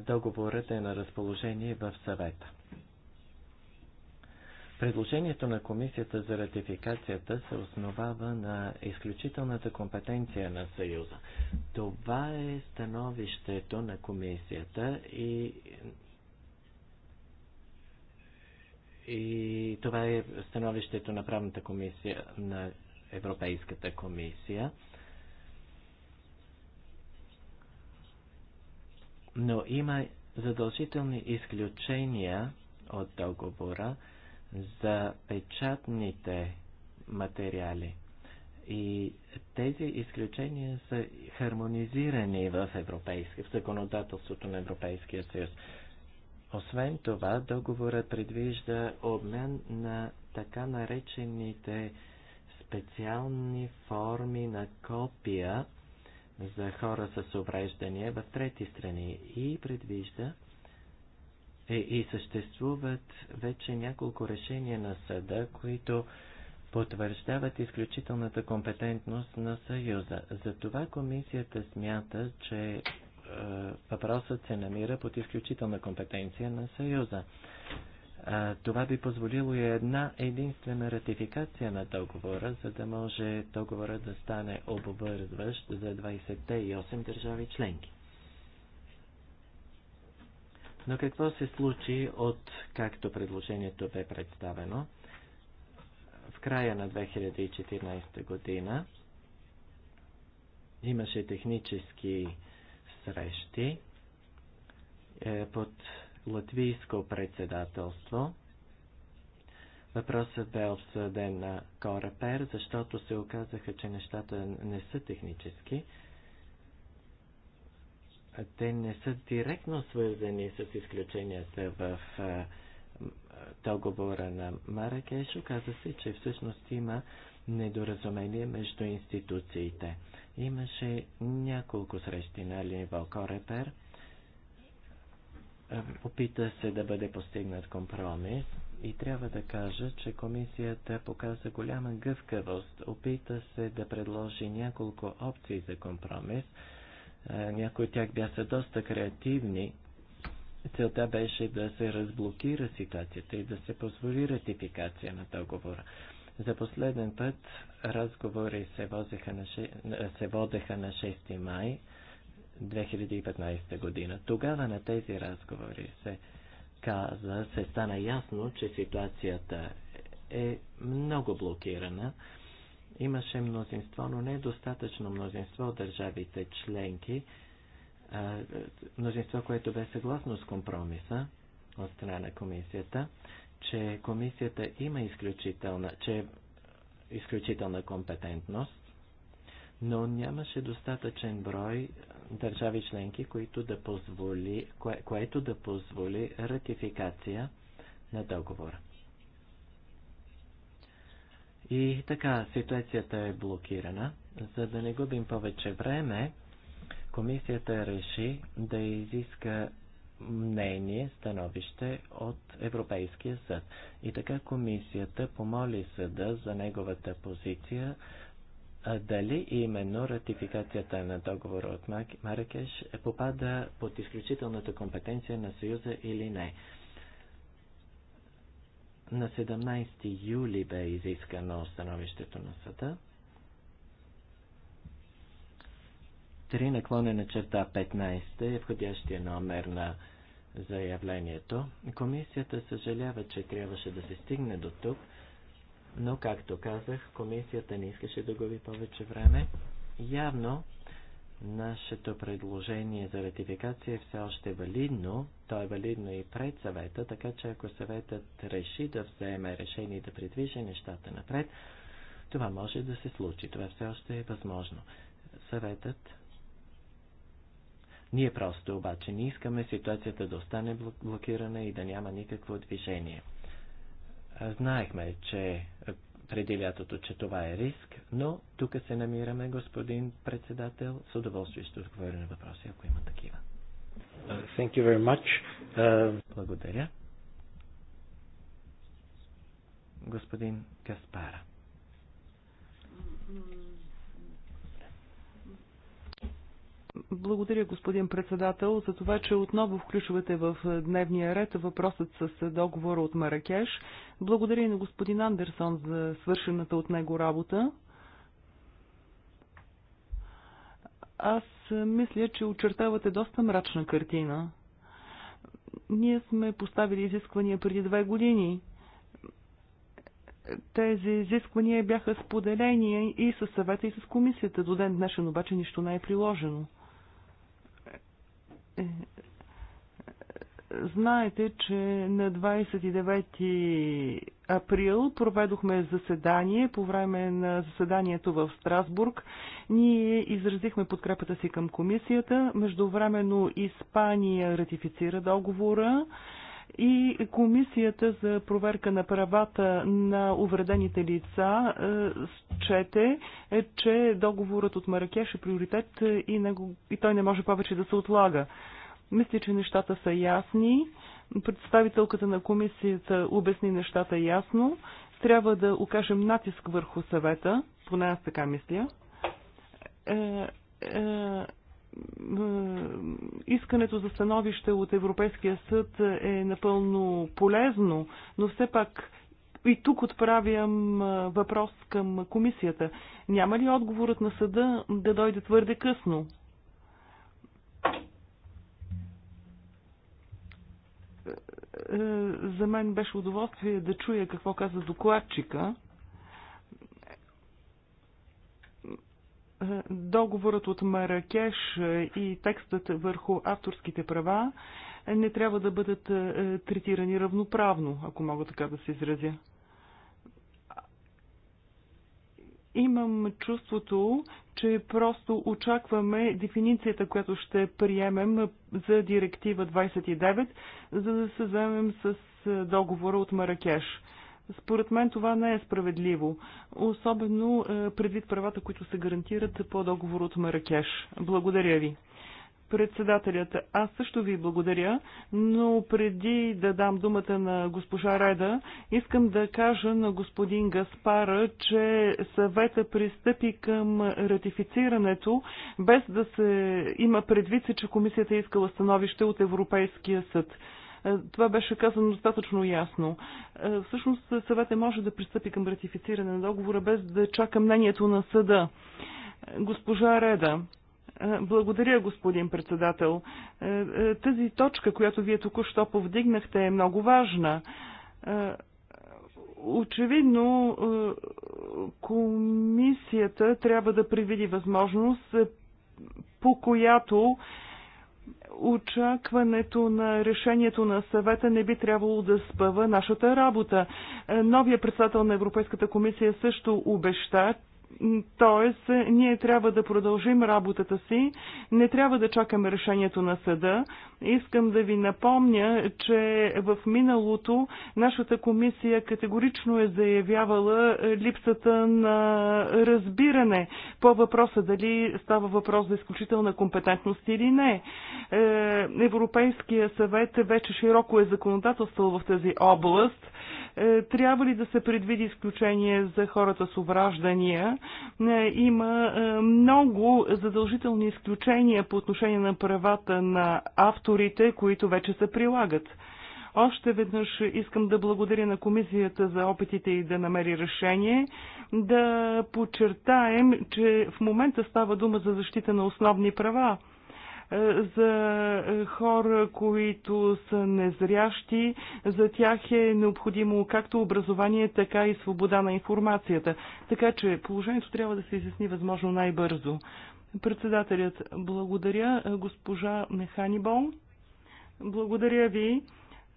договорът е на разположение в съвета. Предложението на комисията за ратификацията се основава на изключителната компетенция на Съюза. Това е становището на комисията и, и това е становището на правната комисия на Европейската комисия. но има задължителни изключения от договора за печатните материали. И тези изключения са хармонизирани в, европейски, в законодателството на Европейския съюз. Освен това, договорът предвижда обмен на така наречените специални форми на копия за хора с увреждания в трети страни и предвижда е, и съществуват вече няколко решения на съда, които потвърждават изключителната компетентност на Съюза. Затова комисията смята, че е, въпросът се намира под изключителна компетенция на Съюза. Това би позволило и една единствена ратификация на договора, за да може договорът да стане обвързващ за 28 държави членки. Но какво се случи от както предложението бе представено? В края на 2014 година имаше технически срещи е, под латвийско председателство. Въпросът бе обсъден на Корапер, защото се оказаха, че нещата не са технически. Те не са директно свързани с изключенията в договора на Маракеш. Оказа се, че всъщност има недоразумение между институциите. Имаше няколко срещи на ниво Корепер – е, опита се да бъде постигнат компромис и трябва да кажа, че комисията показа голяма гъвкавост. Опита се да предложи няколко опции за компромис. Е, някои от тях бяха доста креативни. Целта беше да се разблокира ситуацията и да се позволи ратификация на договора. За последен път разговори се, возеха на, се водеха на 6 май 2015 година. Тогава на тези разговори се каза, се стана ясно, че ситуацията е много блокирана. Имаше мнозинство, но не достатъчно мнозинство от държавите членки, мнозинство, което бе съгласно с компромиса от страна на комисията, че комисията има изключителна, че е изключителна компетентност, но нямаше достатъчен брой държави членки, които да позволи, кое, което да позволи ратификация на договора. И така, ситуацията е блокирана. За да не губим повече време, комисията реши да изиска мнение, становище от Европейския съд. И така комисията помоли съда за неговата позиция дали именно ратификацията на договора от Маракеш попада под изключителната компетенция на Съюза или не. На 17 юли бе изискано становището на съда. 3 наклонена черта 15 е входящия номер на заявлението. Комисията съжалява, че трябваше да се стигне до тук – но, както казах, комисията не искаше да губи повече време. Явно, нашето предложение за ратификация е все още валидно. То е валидно и пред съвета, така че ако съветът реши да вземе решение да придвижи нещата напред, това може да се случи. Това все още е възможно. Съветът ние просто обаче не искаме ситуацията да остане блокирана и да няма никакво движение. Знаехме, че е, преди лятото, че това е риск, но тук се намираме, господин председател. С удоволствие ще отговоря на въпроси, ако има такива. Uh, thank you very much. Uh... Благодаря. Господин Каспара. Благодаря, господин председател, за това, че отново включвате в е, дневния ред въпросът с е, договора от Маракеш. Благодаря и на господин Андерсон за свършената от него работа. Аз е, мисля, че очертавате доста мрачна картина. Ние сме поставили изисквания преди две години тези изисквания бяха споделени и с съвета, и с комисията. До ден днешен обаче нищо не е приложено. Знаете, че на 29 април проведохме заседание. По време на заседанието в Страсбург ние изразихме подкрепата си към комисията. Междувременно Испания ратифицира договора и Комисията за проверка на правата на увредените лица е, чете, е, че договорът от Маракеш е приоритет и, него, и той не може повече да се отлага. Мисля, че нещата са ясни. Представителката на комисията обясни нещата ясно. Трябва да окажем натиск върху съвета, поне аз така мисля. Е, искането за становище от Европейския съд е напълно полезно, но все пак и тук отправям въпрос към комисията. Няма ли отговорът на съда да дойде твърде късно? Е, е, за мен беше удоволствие да чуя какво каза докладчика. договорът от Маракеш и текстът върху авторските права не трябва да бъдат е, третирани равноправно, ако мога така да се изразя. Имам чувството, че просто очакваме дефиницията, която ще приемем за директива 29, за да се вземем с е, договора от Маракеш. Според мен това не е справедливо, особено е, предвид правата, които се гарантират по договор от Маракеш. Благодаря ви. Председателят, аз също ви благодаря, но преди да дам думата на госпожа Реда, искам да кажа на господин Гаспара, че съвета пристъпи към ратифицирането, без да се има предвид, че комисията е искала становище от Европейския съд. Е, това беше казано достатъчно ясно. Е, всъщност съвета може да пристъпи към ратифициране на договора без да чака мнението на съда. Госпожа Реда, е, благодаря, господин председател. Тази точка, която вие току-що повдигнахте, е много важна. Очевидно, комисията трябва да привиди възможност, по която очакването на решението на съвета не би трябвало да спъва нашата работа. Е, новия председател на Европейската комисия също обеща, Тоест, ние трябва да продължим работата си, не трябва да чакаме решението на съда. Искам да ви напомня, че в миналото нашата комисия категорично е заявявала е, липсата на разбиране по въпроса дали става въпрос за изключителна компетентност или не. Е, Европейския съвет вече широко е законодателствал в тази област. Е, трябва ли да се предвиди изключение за хората с увраждания? Е, има е, много задължителни изключения по отношение на правата на авторите, които вече се прилагат. Още веднъж искам да благодаря на комисията за опитите и да намери решение. Да подчертаем, че в момента става дума за защита на основни права. Е, за е, хора, които са незрящи. За тях е необходимо както образование, така и свобода на информацията. Така че положението трябва да се изясни възможно най-бързо. Председателят, благодаря е, госпожа Механибол. Благодаря ви.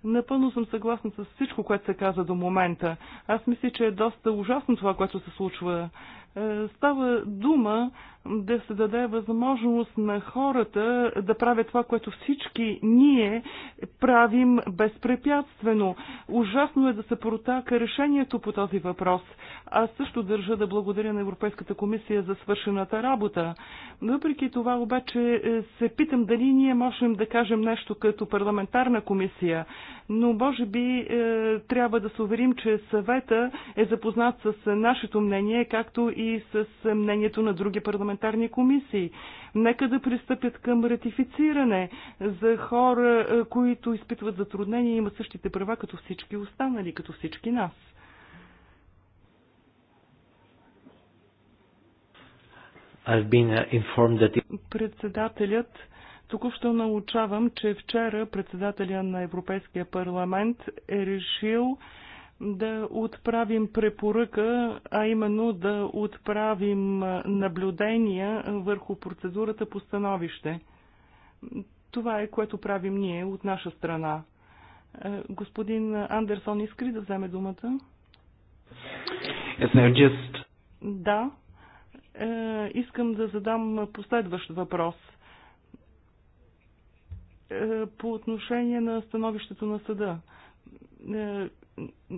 Напълно съм съгласна с всичко, което се каза до момента. Аз мисля, че е доста ужасно това, което се случва. Е, става дума да се даде възможност на хората да правят това, което всички ние правим безпрепятствено. Ужасно е да се протака решението по този въпрос. Аз също държа да благодаря на Европейската комисия за свършената работа. Въпреки това обаче е, се питам дали ние можем да кажем нещо като парламентарна комисия, но може би е, трябва да се уверим, че съвета е запознат с нашето мнение, както и с мнението на други парламентарни комисии. Нека да пристъпят към ратифициране за хора, е, които изпитват затруднения и имат същите права като всички останали, като всички нас. Uh, that... Председателят Току-що научавам, че вчера председателя на Европейския парламент е решил да отправим препоръка, а именно да отправим наблюдения върху процедурата по становище. Това е което правим ние от наша страна. Господин Андерсон иска ли да вземе думата? Yes, no, just... Да. Е, искам да задам последващ въпрос. Е, по отношение на становището на съда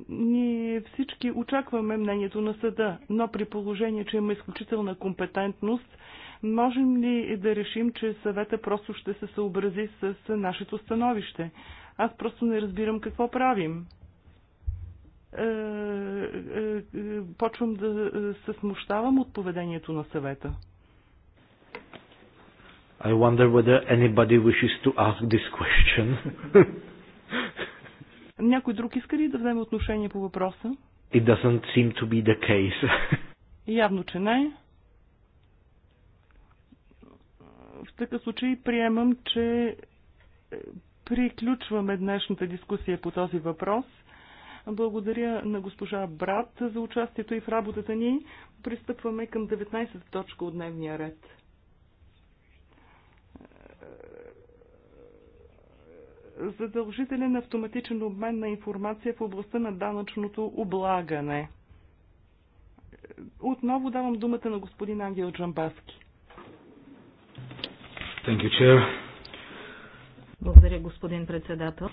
ние всички очакваме мнението на съда, но при положение, че има изключителна компетентност, можем ли да решим, че съвета просто ще се съобрази с нашето становище? Аз просто не разбирам какво правим. Е, е, е, почвам да се смущавам от поведението на съвета. I wonder whether anybody wishes to ask this question. Някой друг иска ли да вземе отношение по въпроса? It doesn't seem to be the case. Явно, че не. В такъв случай приемам, че е, приключваме днешната дискусия по този въпрос. Благодаря на госпожа Брат за участието и в работата ни. Пристъпваме към 19 точка от дневния ред. задължителен автоматичен обмен на информация в областта на данъчното облагане. Отново давам думата на господин Ангел Джамбаски. Thank you, chair. Благодаря, господин председател.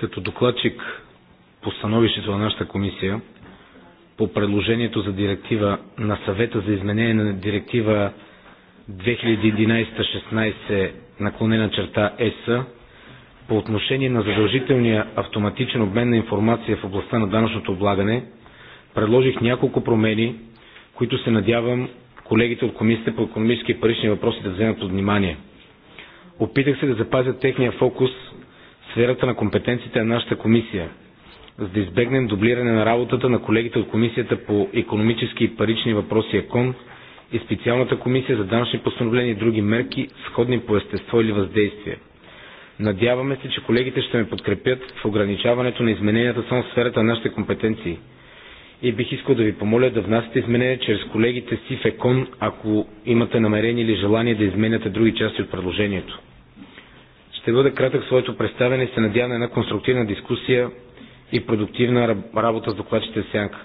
Като докладчик по становището на нашата комисия по предложението за директива на съвета за изменение на директива 2011-16 наклонена черта ЕС по отношение на задължителния автоматичен обмен на информация в областта на данъчното облагане, предложих няколко промени, които се надявам колегите от Комисията по економически и парични въпроси да вземат под внимание. Опитах се да запазя техния фокус в сферата на компетенциите на нашата комисия, за да избегнем дублиране на работата на колегите от Комисията по економически и парични въпроси ЕКОН и специалната комисия за данъчни постановления и други мерки, сходни по естество или въздействие. Надяваме се, че колегите ще ме подкрепят в ограничаването на измененията само в сферата на нашите компетенции. И бих искал да ви помоля да внасяте изменения чрез колегите си в ЕКОН, ако имате намерение или желание да изменяте други части от предложението. Ще бъда кратък в своето представяне и се надявам на една конструктивна дискусия и продуктивна работа с докладчите в сянка.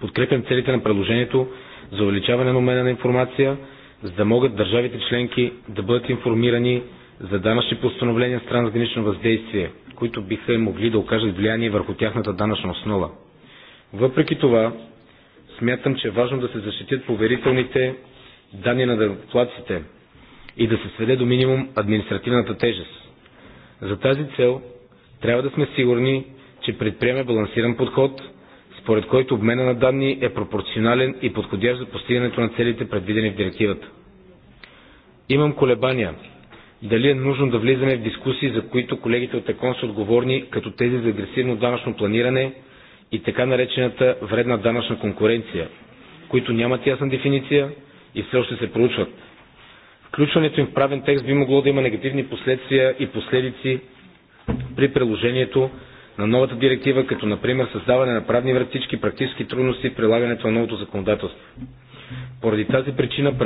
Подкрепям целите на предложението за увеличаване на обмена на информация, за да могат държавите членки да бъдат информирани за данъчни постановления с трансгранично въздействие, които биха могли да окажат влияние върху тяхната данъчна основа. Въпреки това, смятам, че е важно да се защитят поверителните данни на дъноплаците и да се сведе до минимум административната тежест. За тази цел трябва да сме сигурни, че предприеме балансиран подход, според който обмена на данни е пропорционален и подходящ за постигането на целите, предвидени в директивата. Имам колебания дали е нужно да влизаме в дискусии, за които колегите от ЕКОН са отговорни, като тези за агресивно данъчно планиране и така наречената вредна данъчна конкуренция, които нямат ясна дефиниция и все още се проучват. Включването им в правен текст би могло да има негативни последствия и последици при приложението на новата директива, като например създаване на правни вратички, практически трудности в прилагането на новото законодателство. Поради тази причина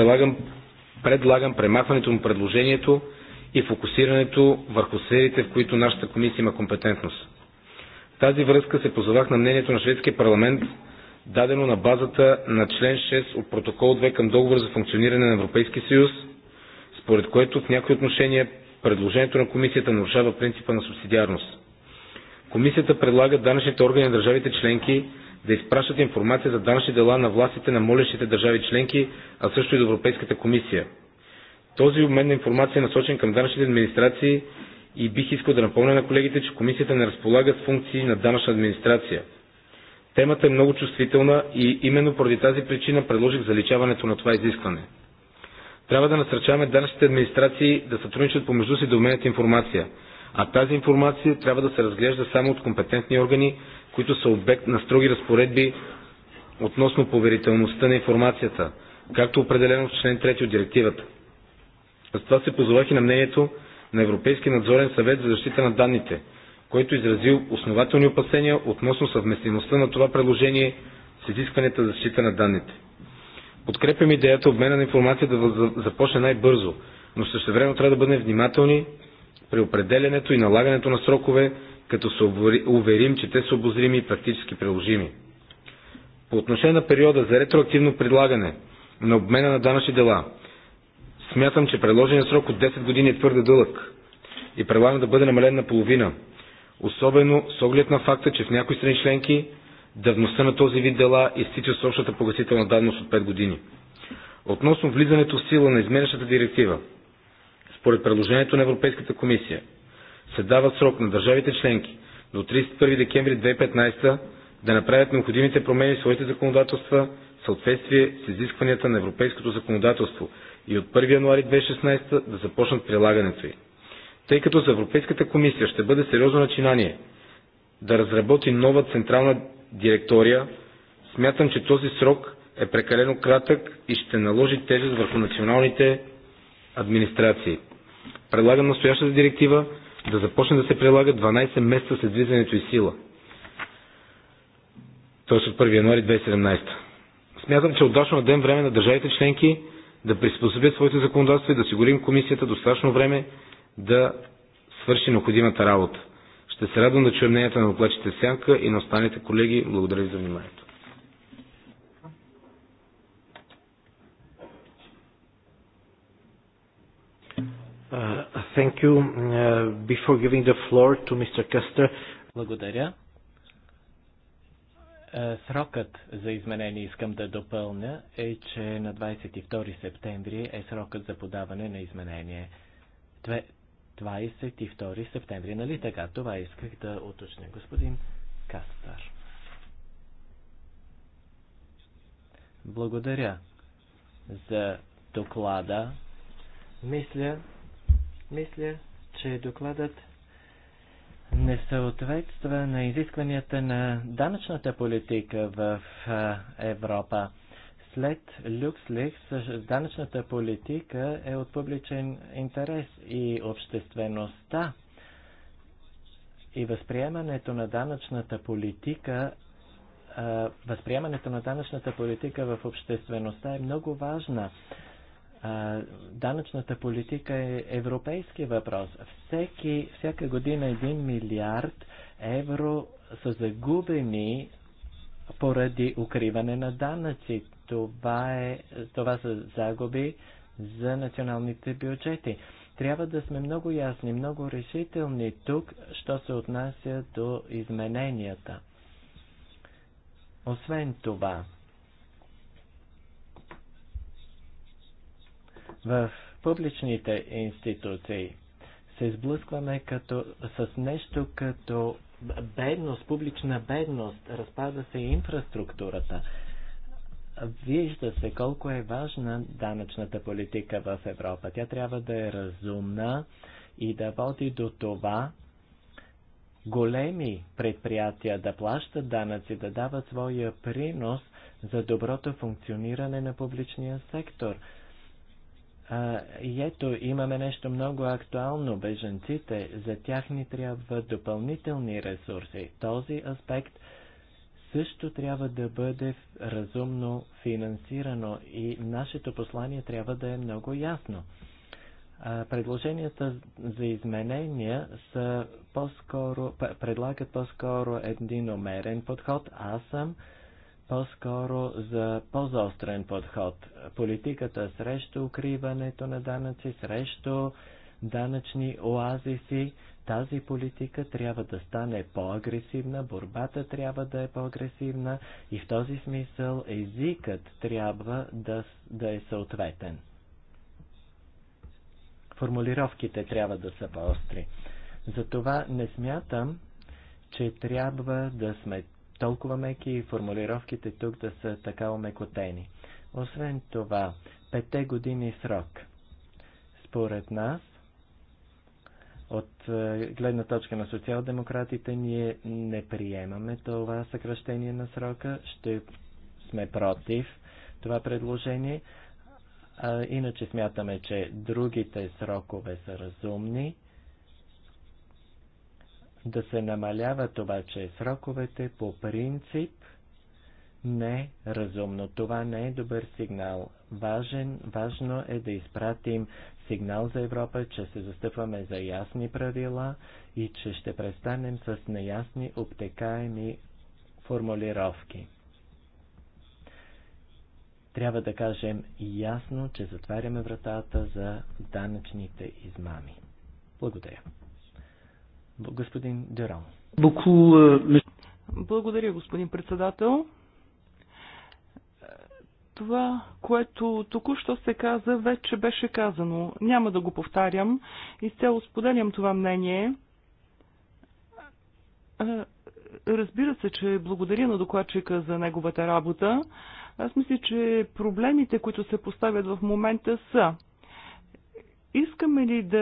предлагам премахването му предложението и фокусирането върху сферите, в които нашата комисия има компетентност. В тази връзка се позовах на мнението на шведския парламент, дадено на базата на член 6 от протокол 2 към договор за функциониране на Европейския съюз, според което в някои отношения предложението на комисията нарушава принципа на субсидиарност. Комисията предлага данъчните органи на държавите членки да изпращат информация за данъчни дела на властите на молещите държави членки, а също и до Европейската комисия – този обмен на информация е насочен към данъчните администрации и бих искал да напомня на колегите, че комисията не разполага с функции на данъчна администрация. Темата е много чувствителна и именно поради тази причина предложих заличаването на това изискване. Трябва да насърчаваме данъчните администрации да сътрудничат помежду си да обменят информация, а тази информация трябва да се разглежда само от компетентни органи, които са обект на строги разпоредби относно поверителността на информацията, както определено в член 3 от директивата. С това се позовах и на мнението на Европейския надзорен съвет за защита на данните, който изразил основателни опасения относно съвместимостта на това предложение с изискванията за защита на данните. Подкрепям идеята обмена на информация да започне най-бързо, но време трябва да бъдем внимателни при определенето и налагането на срокове, като се уверим, че те са обозрими и практически приложими. По отношение на периода за ретроактивно предлагане на обмена на данъчни дела, Смятам, че предложения срок от 10 години е твърде дълъг и предлагам да бъде намален на половина, особено с оглед на факта, че в някои страни членки давността на този вид дела е изтича с общата погасителна давност от 5 години. Относно влизането в сила на изменящата директива, според предложението на Европейската комисия, се дава срок на държавите членки до 31 декември 2015 да направят необходимите промени в своите законодателства в съответствие с изискванията на европейското законодателство и от 1 януари 2016 да започнат прилагането й. Тъй като за Европейската комисия ще бъде сериозно начинание да разработи нова централна директория, смятам, че този срок е прекалено кратък и ще наложи тежест върху националните администрации. Предлагам настоящата директива да започне да се прилага 12 месеца след влизането и сила. Тоест от 1 януари 2017. Смятам, че е удачно ден време на държавите членки да приспособят своите законодателства и да осигурим комисията достатъчно време да свърши необходимата работа. Ще се радвам да чуем мненията на докладчите Сянка и на останалите колеги. Благодаря ви за вниманието. Uh, thank you. Uh, before giving the floor to Mr. Custer, благодаря. Е, срокът за изменение искам да допълня е, че на 22 септември е срокът за подаване на изменение. 22 септември, нали така? Това исках да уточня господин Кастар. Благодаря за доклада. Мисля, мисля, че докладът не съответства на изискванията на данъчната политика в Европа. След Люкслих, данъчната политика е от публичен интерес и обществеността и възприемането на данъчната политика възприемането на данъчната политика в обществеността е много важна данъчната политика е европейски въпрос. Всеки, всяка година 1 милиард евро са загубени поради укриване на данъци. Това, е, това са загуби за националните бюджети. Трябва да сме много ясни, много решителни тук, що се отнася до измененията. Освен това, в публичните институции се сблъскваме като, с нещо като бедност, публична бедност, разпада се инфраструктурата. Вижда се колко е важна данъчната политика в Европа. Тя трябва да е разумна и да води до това големи предприятия да плащат данъци, да дават своя принос за доброто функциониране на публичния сектор – а, и ето, имаме нещо много актуално. Беженците, за тях ни трябва допълнителни ресурси. Този аспект също трябва да бъде разумно финансирано и нашето послание трябва да е много ясно. А, предложенията за изменения са по-скоро, предлагат по-скоро един умерен подход. Аз съм по-скоро за по-заострен подход. Политиката срещу укриването на данъци, срещу данъчни оазиси, тази политика трябва да стане по-агресивна, борбата трябва да е по-агресивна и в този смисъл езикът трябва да, да е съответен. Формулировките трябва да са по-остри. Затова не смятам, че трябва да сме толкова меки и формулировките тук да са така омекотени. Освен това, пете години срок. Според нас, от е, гледна точка на социал-демократите, ние не приемаме това съкръщение на срока, ще сме против това предложение. А, иначе смятаме, че другите срокове са разумни да се намаляват обаче сроковете по принцип не е разумно. Това не е добър сигнал. Важен, важно е да изпратим сигнал за Европа, че се застъпваме за ясни правила и че ще престанем с неясни, обтекаеми формулировки. Трябва да кажем ясно, че затваряме вратата за данъчните измами. Благодаря. Господин Дюран. Благодаря, господин председател. Това, което току-що се каза, вече беше казано. Няма да го повтарям. Изцяло споделям това мнение. Разбира се, че благодаря на докладчика за неговата работа. Аз мисля, че проблемите, които се поставят в момента са Искаме ли да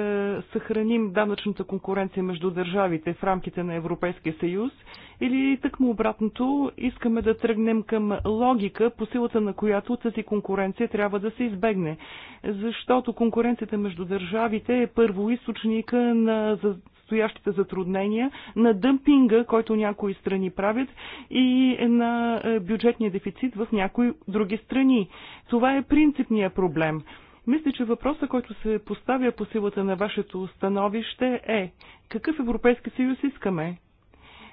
съхраним данъчната конкуренция между държавите в рамките на Европейския съюз или тъкмо обратното искаме да тръгнем към логика, по силата на която тази конкуренция трябва да се избегне? Защото конкуренцията между държавите е първо източника на стоящите затруднения, на дъмпинга, който някои страни правят и на е, бюджетния дефицит в някои други страни. Това е принципният проблем. Мисля, че въпросът, който се поставя по силата на вашето становище е какъв Европейски съюз искаме?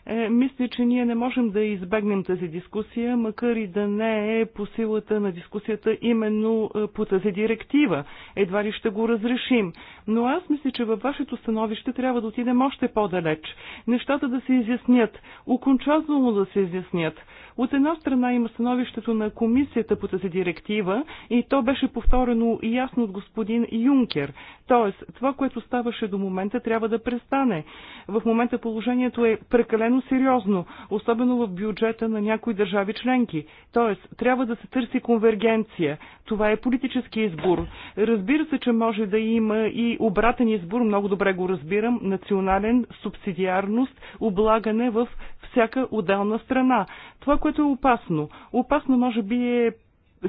Е, мисля, че ние не можем да избегнем тази дискусия, макар и да не е по силата на дискусията именно е, по тази директива. Едва ли ще го разрешим. Но аз мисля, че във вашето становище трябва да отидем още по-далеч. Нещата да се изяснят, окончателно да се изяснят. От една страна има становището на комисията по тази директива и то беше повторено ясно от господин Юнкер. Тоест, това, което ставаше до момента, трябва да престане. В момента положението е прекалено прекалено сериозно, особено в бюджета на някои държави членки. Тоест, трябва да се търси конвергенция. Това е политически избор. Разбира се, че може да има и обратен избор, много добре го разбирам, национален, субсидиарност, облагане в всяка отделна страна. Това, което е опасно. Опасно може би е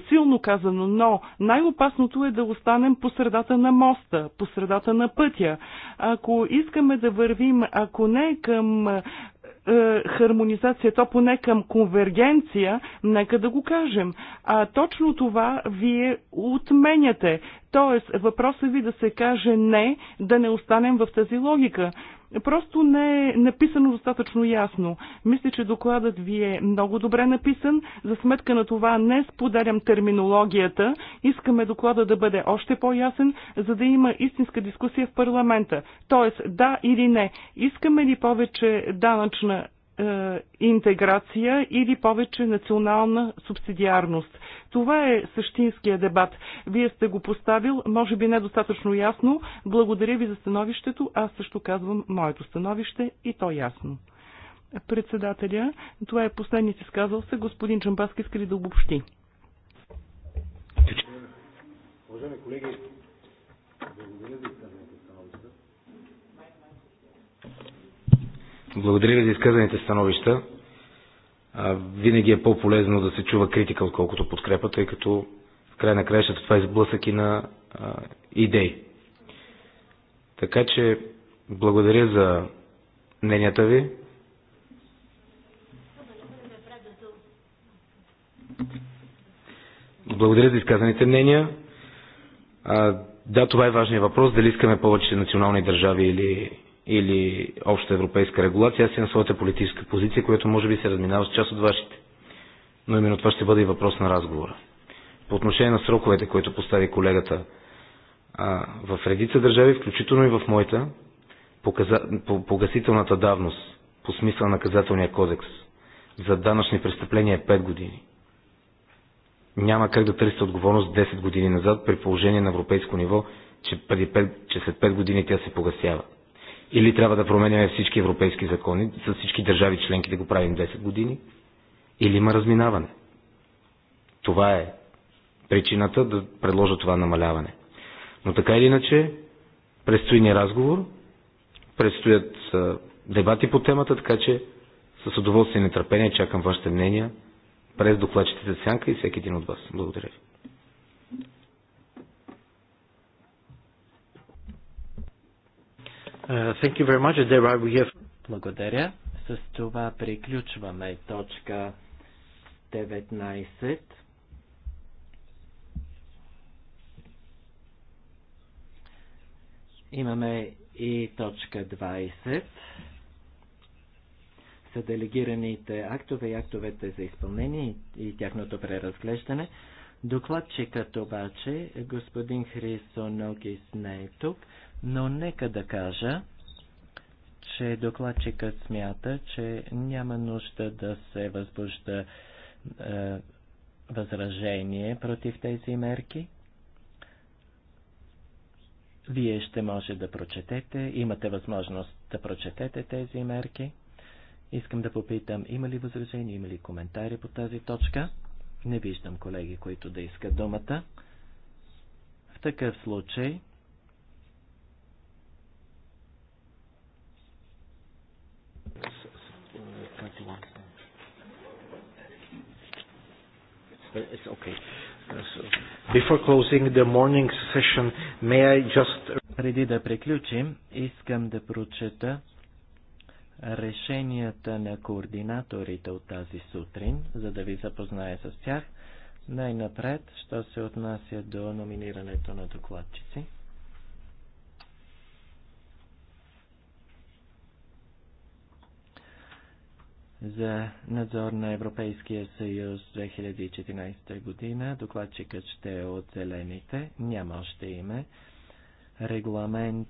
силно казано, но най-опасното е да останем по средата на моста, по средата на пътя. Ако искаме да вървим, ако не към е, хармонизация, то поне към конвергенция, нека да го кажем. А точно това вие отменяте. Тоест, въпросът ви да се каже не, да не останем в тази логика просто не е написано достатъчно ясно. Мисля, че докладът ви е много добре написан. За сметка на това не споделям терминологията. Искаме доклада да бъде още по-ясен, за да има истинска дискусия в парламента. Тоест, да или не. Искаме ли повече данъчна е, интеграция или повече национална субсидиарност. Това е същинския дебат. Вие сте го поставил, може би недостатъчно ясно. Благодаря ви за становището. Аз също казвам моето становище и то ясно. Председателя, това е последният изказал се. Господин Чамбаски, иска ли да обобщи? Уважаеми колеги, благодаря ви Благодаря ви за изказаните становища. Винаги е по-полезно да се чува критика, отколкото подкрепа, тъй като в край на краищата това е сблъсък и на идеи. Така че благодаря за мненията ви. Благодаря за изказаните мнения. А, да, това е важният въпрос. Дали искаме повече национални държави или или обща европейска регулация, аз имам своята политическа позиция, която може би се разминава с част от вашите. Но именно това ще бъде и въпрос на разговора. По отношение на сроковете, които постави колегата, а, в редица държави, включително и в моята, показа... погасителната давност по смисъл на наказателния кодекс за данъчни престъпления е 5 години. Няма как да търсите отговорност 10 години назад при положение на европейско ниво, че, преди 5, че след 5 години тя се погасява. Или трябва да променяме всички европейски закони, с всички държави членки да го правим 10 години? Или има разминаване? Това е причината да предложа това намаляване. Но така или иначе, предстои ни разговор, предстоят дебати по темата, така че с удоволствие и нетърпение чакам вашите мнения през докладчетите Сянка и всеки един от вас. Благодаря ви. Uh, thank you very much. There we have... Благодаря. С това приключваме точка 19. Имаме и точка 20 са делегираните актове и актовете за изпълнение и тяхното преразглеждане. Докладчикът обаче, господин Ногис, не е тук. Но нека да кажа, че докладчикът смята, че няма нужда да се възбужда е, възражение против тези мерки. Вие ще може да прочетете, имате възможност да прочетете тези мерки. Искам да попитам, има ли възражения, има ли коментари по тази точка? Не виждам колеги, които да искат думата. В такъв случай It's okay. Before closing the morning session, may I just... Преди да приключим, искам да прочета решенията на координаторите от тази сутрин, за да ви запозная с тях. Най-напред, що се отнася до номинирането на докладчици. за надзор на Европейския съюз 2014 година. Докладчикът ще е от зелените. Няма още име. Регламент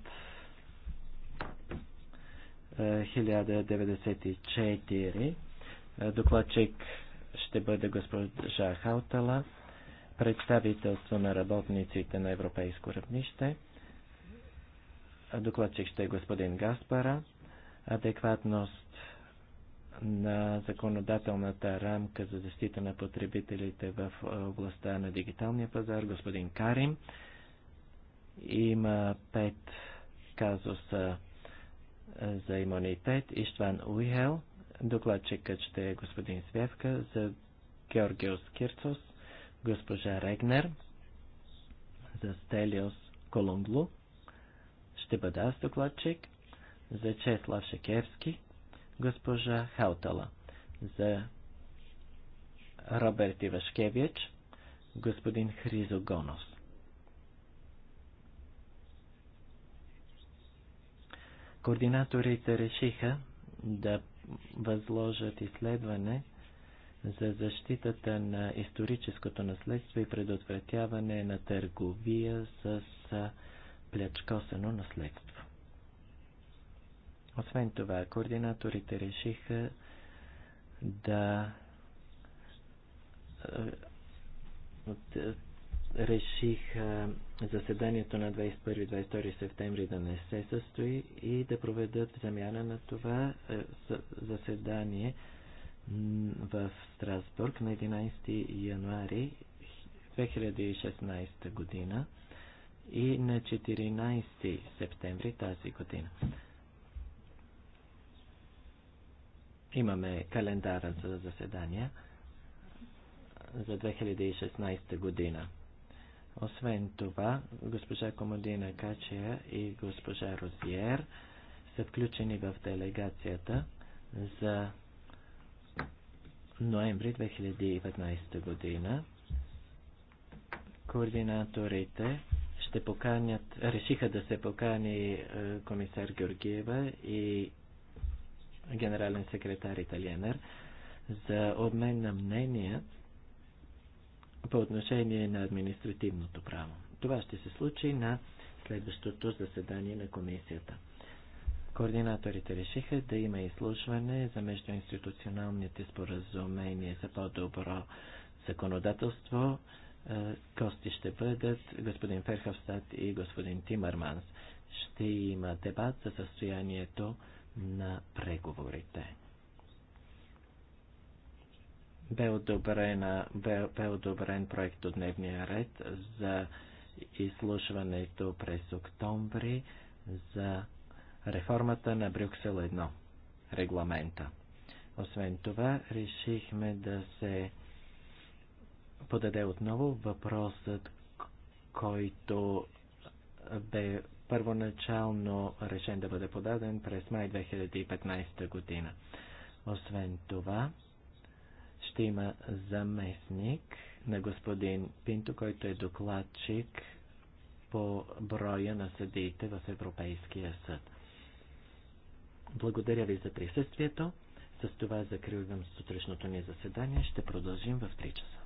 1094. Е, е, докладчик ще бъде госпожа Хаутала, представителство на работниците на европейско равнище. Е, докладчик ще е господин Гаспара, адекватност на законодателната рамка за защита на потребителите в областта на дигиталния пазар, господин Карим. Има пет казуса е, за имунитет. Иштван Уихел, докладчикът ще е господин Свевка, за Георгиос Кирцос, госпожа Регнер, за Стелиус Колунглу, ще бъда аз докладчик, за Чеслав Шекевски, госпожа Хаутала, за Роберт Ивашкевич, господин Гонос. Координаторите решиха да възложат изследване за защитата на историческото наследство и предотвратяване на търговия с плячкосено наследство. Освен това, координаторите решиха да е, реших заседанието на 21-22 септември да не се състои и да проведат замяна на това е, заседание в Страсбург на 11 януари 2016 година и на 14 септември тази година. Имаме календара за заседания за 2016 година. Освен това, госпожа Комодина Качия и госпожа Розиер са включени в делегацията за ноември 2019 година. Координаторите ще поканят, решиха да се покани е, комисар Георгиева и генерален секретар Италиенер, за обмен на мнения по отношение на административното право. Това ще се случи на следващото заседание на комисията. Координаторите решиха да има изслушване за междуинституционалните споразумения за по-добро законодателство. Кости е, ще бъдат господин Ферховстат и господин Тимърманс. Ще има дебат за състоянието на преговорите. Бе, одобрен, бе, бе одобрен проект от дневния ред за изслушването през октомври за реформата на Брюксел 1 регламента. Освен това, решихме да се подаде отново въпросът, който бе първоначално решен да бъде подаден през май 2015 година. Освен това, ще има заместник на господин Пинто, който е докладчик по броя на съдиите в Европейския съд. Благодаря ви за присъствието. С това закривам сутрешното ни заседание. Ще продължим в 3 часа.